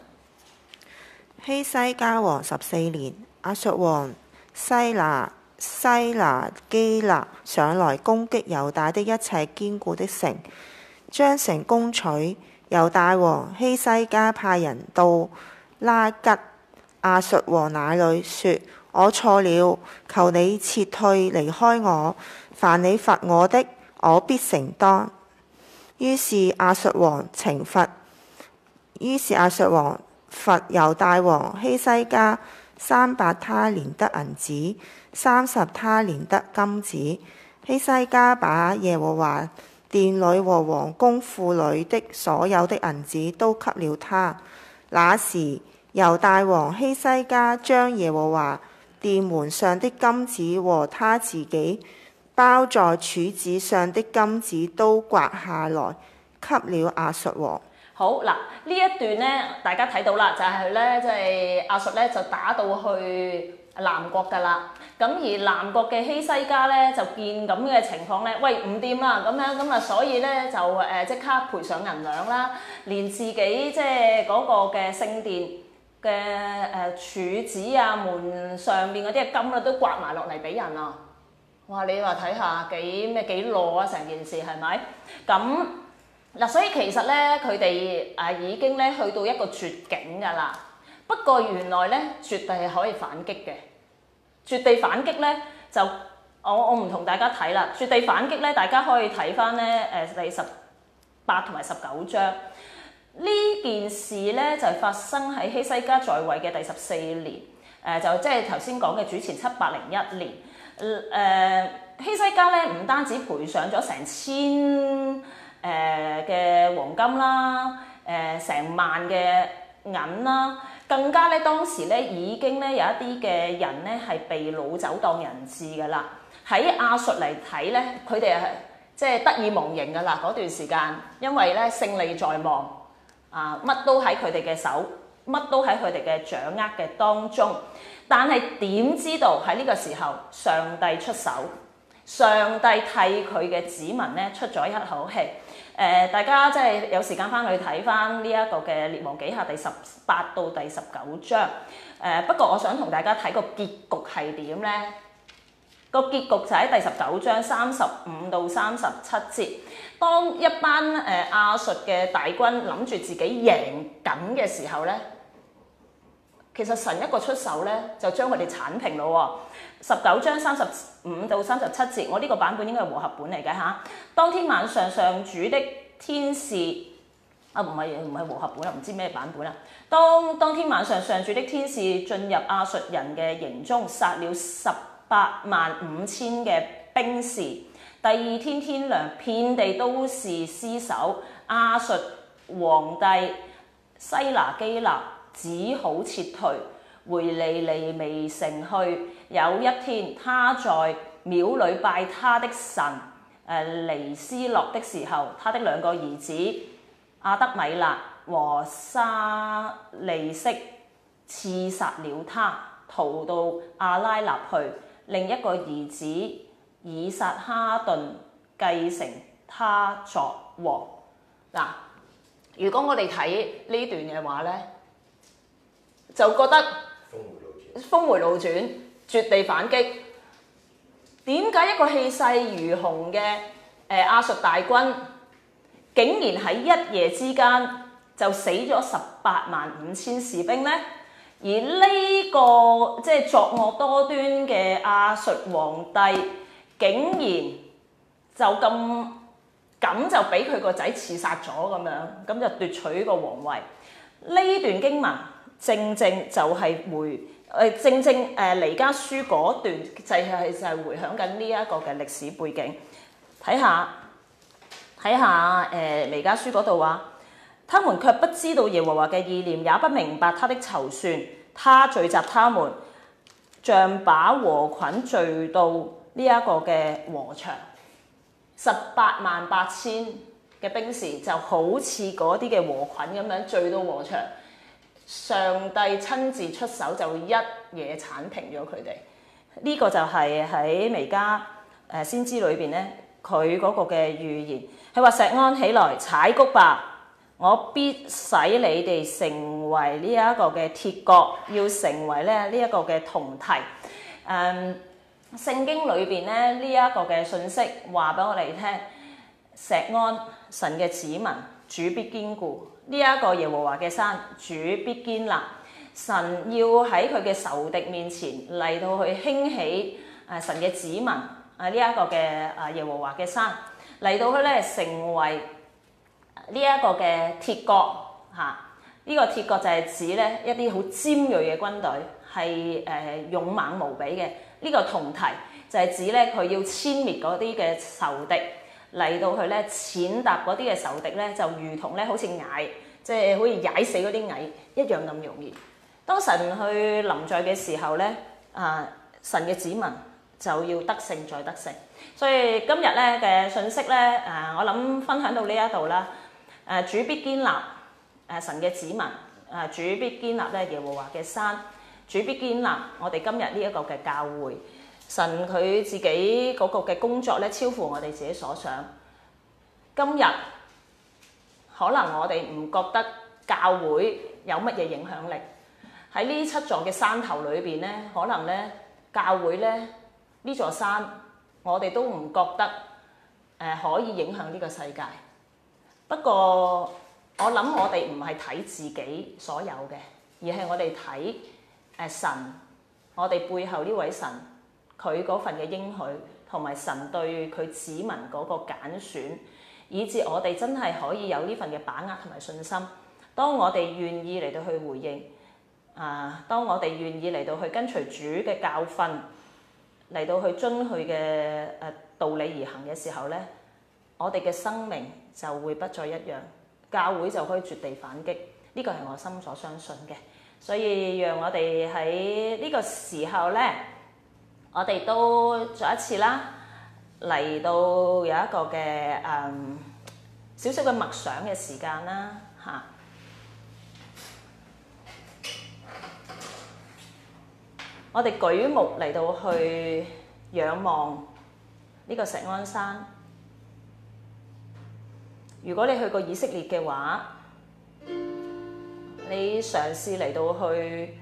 希西家王十四年，亞述王西拿西拿基拿上來攻擊猶大的一切堅固的城，將城攻取。猶大王希西家派人到拉吉亞述王那裏，說：我錯了，求你撤退離開我，凡你罰我的，我必承擔。於是亞述王懲罰，於是亞述王罰猶大王希西家三百他連得銀子，三十他連得金子。希西家把耶和華殿裏和王宮庫裏的所有的銀子都給了他。那時猶大王希西家將耶和華殿門上的金子和他自己包在柱子上的金子都刮下來，給了阿術王，哦。好嗱，呢一段咧，大家睇到啦，就係佢咧，即係，就係阿術咧，就打到去南國噶啦。咁而南國嘅希西家咧，就見咁嘅情況咧，喂唔掂啊，咁樣咁啊，所以咧就誒即刻賠上銀兩啦，連自己即係嗰個嘅聖殿嘅誒柱子啊、門上面嗰啲金啦，都刮埋落嚟俾人啊。哇！你話睇下幾咩幾攞啊，成件事係咪？咁嗱，所以其實咧佢哋啊已經咧去到一個絕境㗎啦。不過原來咧，絕地係可以反擊嘅。絕地反擊咧就我我唔同大家睇啦。絕地反擊咧，大家可以睇翻咧誒第十八同埋十九章。呢件事咧就發生喺希西家在位嘅第十四年，誒、呃、就即係頭先講嘅主前七百零一年。誒、呃、希西家咧，唔單止賠上咗成千誒嘅、呃、黃金啦，誒、呃、成萬嘅銀啦，更加咧當時咧已經咧有一啲嘅人咧係被擄走當人質㗎啦。喺亞述嚟睇咧，佢哋係即係得意忘形㗎啦。嗰段時間，因為咧勝利在望，啊乜都喺佢哋嘅手，乜都喺佢哋嘅掌握嘅當中。但係點知道喺呢個時候上帝出手，上帝替佢嘅子民咧出咗一口氣。誒、呃，大家即係有時間翻去睇翻呢一個嘅《列王紀下》第十八到第十九章。誒、呃，不過我想同大家睇個結局係點咧？個結局就喺第十九章三十五到三十七節。當一班誒亞述嘅大軍諗住自己贏緊嘅時候咧。其實神一個出手咧，就將佢哋剷平咯喎。十九章三十五到三十七節，我呢個版本應該係和合本嚟嘅吓。當天晚上，上主的天使啊，唔係唔係和合本啦，唔知咩版本啦。當當天晚上，上主的天使進入亞述人嘅營中，殺了十八萬五千嘅兵士。第二天天亮，遍地都是屍首。亞述皇帝西拿基拿。只好撤退回尼尼微城去。有一天，他在廟裏拜他的神誒尼斯洛的時候，他的兩個兒子阿德米勒和沙利色刺殺了他，逃到阿拉納去。另一個兒子以撒哈頓繼承他作王。嗱，如果我哋睇呢段嘅話咧。就覺得峰回，峰回路轉，絕地反擊。點解一個氣勢如虹嘅誒亞述大軍，竟然喺一夜之間就死咗十八萬五千士兵呢？而呢、這個即係、就是、作惡多端嘅亞述皇帝，竟然就咁咁就俾佢個仔刺殺咗咁樣，咁就奪取個皇位。呢段經文。正正就係回誒、呃，正正誒、呃、彌迦書嗰段就係、是、就係、是、回響緊呢一個嘅歷史背景。睇下睇下誒、呃、彌迦書嗰度啊。他們卻不知道耶和華嘅意念，也不明白他的籌算。他聚集他們，像把禾捆聚到呢一個嘅禾場，十八萬八千嘅兵士就好似嗰啲嘅禾捆咁樣聚到禾場。上帝親自出手就一嘢剷平咗佢哋，呢個就係喺《彌迦誒先知裏面呢》裏邊咧，佢嗰個嘅預言，佢話錫安起來踩谷吧，我必使你哋成為呢一個嘅鐵角，要成為咧呢一個嘅銅蹄。嗯，聖經裏邊咧呢一個嘅信息話俾我哋聽，錫安神嘅子民，主必堅固。呢一個耶和華嘅山，主必堅立。神要喺佢嘅仇敵面前嚟到去興起，啊神嘅子民啊呢一個嘅啊耶和華嘅山嚟到佢咧成為呢一個嘅鐵國角嚇。呢、這個鐵角就係指咧一啲好尖鋭嘅軍隊，係誒勇猛無比嘅。呢、這個銅蹄就係指咧佢要殲滅嗰啲嘅仇敵。嚟到佢咧，踐踏嗰啲嘅仇敵咧，就如同咧，好似蟻，即、就、係、是、好似踩死嗰啲蟻一樣咁容易。當神去臨在嘅時候咧，啊、呃，神嘅子民就要得勝再得勝。所以今日咧嘅信息咧，啊、呃，我諗分享到呢一度啦。誒、呃，主必堅立，誒、呃、神嘅子民，誒、呃、主必堅立咧，耶和華嘅山，主必堅立，我哋今日呢一個嘅教會。神佢自己嗰個嘅工作咧，超乎我哋自己所想。今日可能我哋唔覺得教會有乜嘢影響力喺呢七座嘅山頭裏邊咧，可能咧教會咧呢座山我哋都唔覺得誒可以影響呢個世界。不過我諗，我哋唔係睇自己所有嘅，而係我哋睇誒神，我哋背後呢位神。佢嗰份嘅應許，同埋神對佢子民嗰個揀選，以致我哋真係可以有呢份嘅把握同埋信心。當我哋願意嚟到去回應啊，當我哋願意嚟到去跟隨主嘅教訓，嚟到去遵佢嘅誒道理而行嘅時候呢，我哋嘅生命就會不再一樣，教會就可以絕地反擊。呢個係我心所相信嘅，所以讓我哋喺呢個時候呢。我哋都再一次啦，嚟到有一個嘅誒少少嘅默想嘅時間啦，嚇、啊！我哋舉目嚟到去仰望呢個錫安山。如果你去過以色列嘅話，你嘗試嚟到去。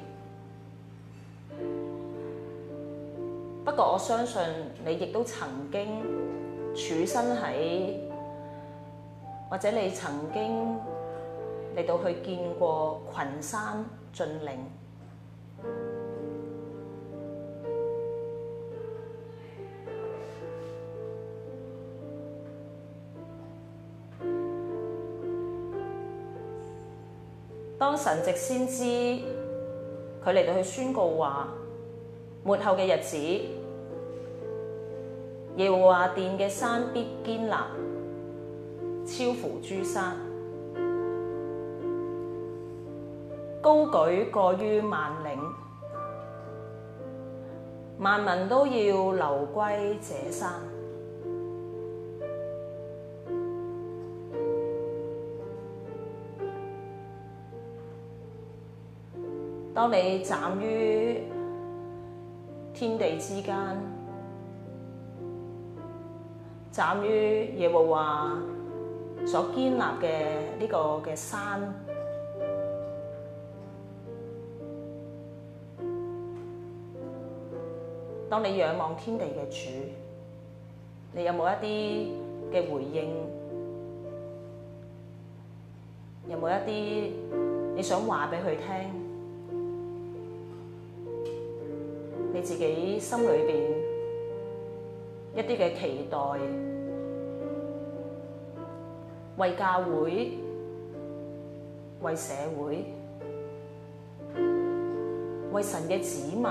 不過我相信你亦都曾經處身喺，或者你曾經嚟到去見過群山峻嶺。當神藉先知，佢嚟到去宣告話。末後嘅日子，耶和華殿嘅山必堅立，超乎諸山，高舉過於萬嶺，萬民都要流歸這山。當你站於。天地之間，站於耶和華所建立嘅呢個嘅山。當你仰望天地嘅主，你有冇一啲嘅回應？有冇一啲你想話畀佢聽？你自己心裏邊一啲嘅期待，為教會，為社會，為神嘅子民、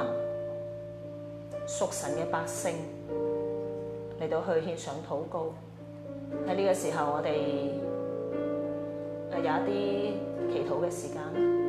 屬神嘅百姓嚟到去獻上禱告。喺呢個時候，我哋誒，有一啲祈禱嘅時間。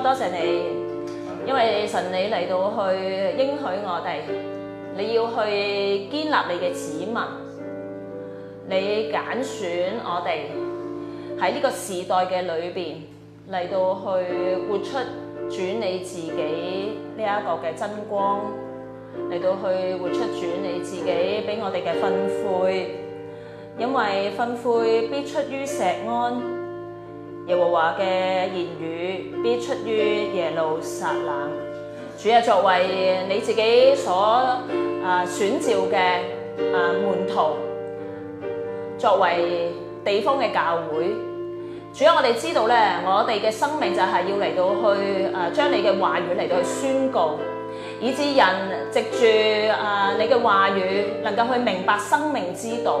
多謝你，因為神你嚟到去應許我哋，你要去建立你嘅子民，你揀選我哋喺呢個時代嘅裏邊嚟到去活出主你自己呢一個嘅真光，嚟到去活出主你自己俾我哋嘅訓誨，因為訓誨必出於錫安。耶和華嘅言語必出於耶路撒冷。主要作為你自己所啊、呃、選召嘅啊門徒，作為地方嘅教會，主要我哋知道咧，我哋嘅生命就係要嚟到去啊、呃，將你嘅話語嚟到去宣告，以致人藉住啊、呃、你嘅話語，能夠去明白生命之道。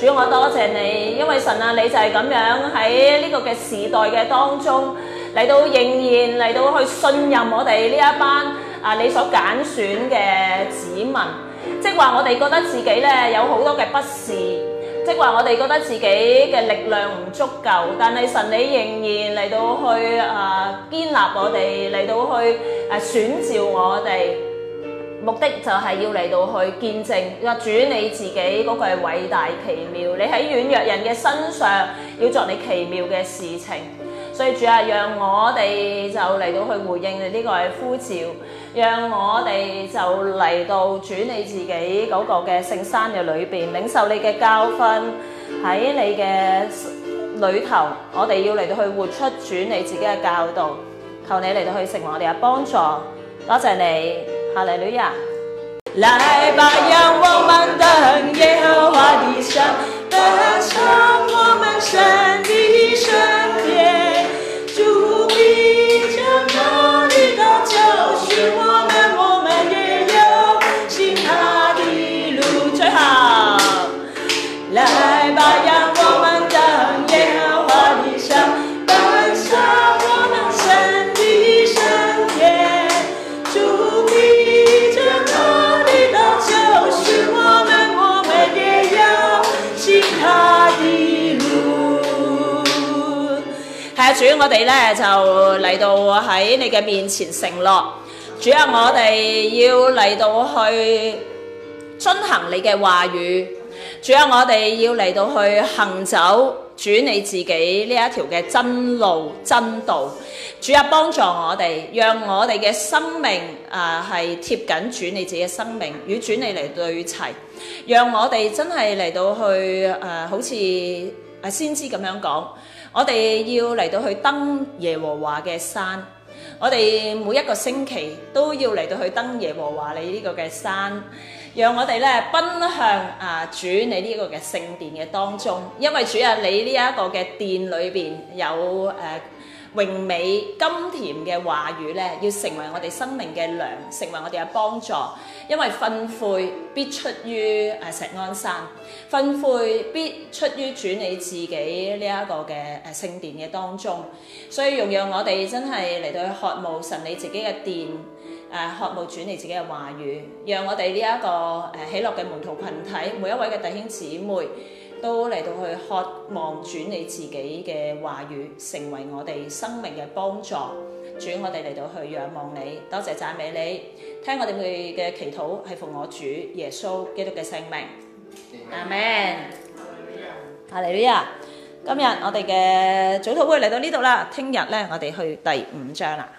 主，我多謝你，因為神啊，你就係咁樣喺呢個嘅時代嘅當中嚟到仍然嚟到去信任我哋呢一班啊你所揀選嘅子民，即係話我哋覺得自己呢有好多嘅不是，即係話我哋覺得自己嘅力量唔足夠，但係神你仍然嚟到去啊建立我哋嚟到去誒、啊、選召我哋。目的就係要嚟到去見證，話主你自己嗰句係偉大奇妙，你喺軟弱人嘅身上要作你奇妙嘅事情。所以主啊，讓我哋就嚟到去回應你呢個呼召，讓我哋就嚟到主你自己嗰個嘅聖山嘅裏邊，領受你嘅教訓喺你嘅裏頭。我哋要嚟到去活出主你自己嘅教導，求你嚟到去成為我哋嘅幫助。多謝你。哈利路亞！來吧，讓我們登耶和華的山，奔向我們身邊。我哋咧就嚟到喺你嘅面前承諾，主啊，我哋要嚟到去遵行你嘅話語，主啊，我哋要嚟到去行走，主你自己呢一條嘅真路真道，主啊，幫助我哋，讓我哋嘅生命啊係、呃、貼緊主你自己嘅生命與主你嚟對齊，讓我哋真係嚟到去誒、呃，好似誒先知咁樣講。我哋要嚟到去登耶和華嘅山，我哋每一個星期都要嚟到去登耶和華你呢個嘅山，讓我哋咧奔向啊主你呢個嘅聖殿嘅當中，因為主啊你呢一個嘅殿裏邊有誒。啊榮美甘甜嘅話語咧，要成為我哋生命嘅糧，成為我哋嘅幫助。因為訓誨必出於誒錫安山，訓誨必出於主你自己呢一個嘅誒聖殿嘅當中。所以容讓我哋真係嚟到渴慕神你自己嘅殿，誒渴慕主你自己嘅話語，讓我哋呢一個誒喜樂嘅門徒群體，每一位嘅弟兄姊妹。都嚟到去渴望轉你自己嘅話語，成為我哋生命嘅幫助，主，我哋嚟到去仰望你，多謝讚美你，聽我哋去嘅祈禱，係奉我主耶穌基督嘅聖名，阿門。哈利路亞，今日我哋嘅早禱會嚟到呢度啦，聽日咧我哋去第五章啦。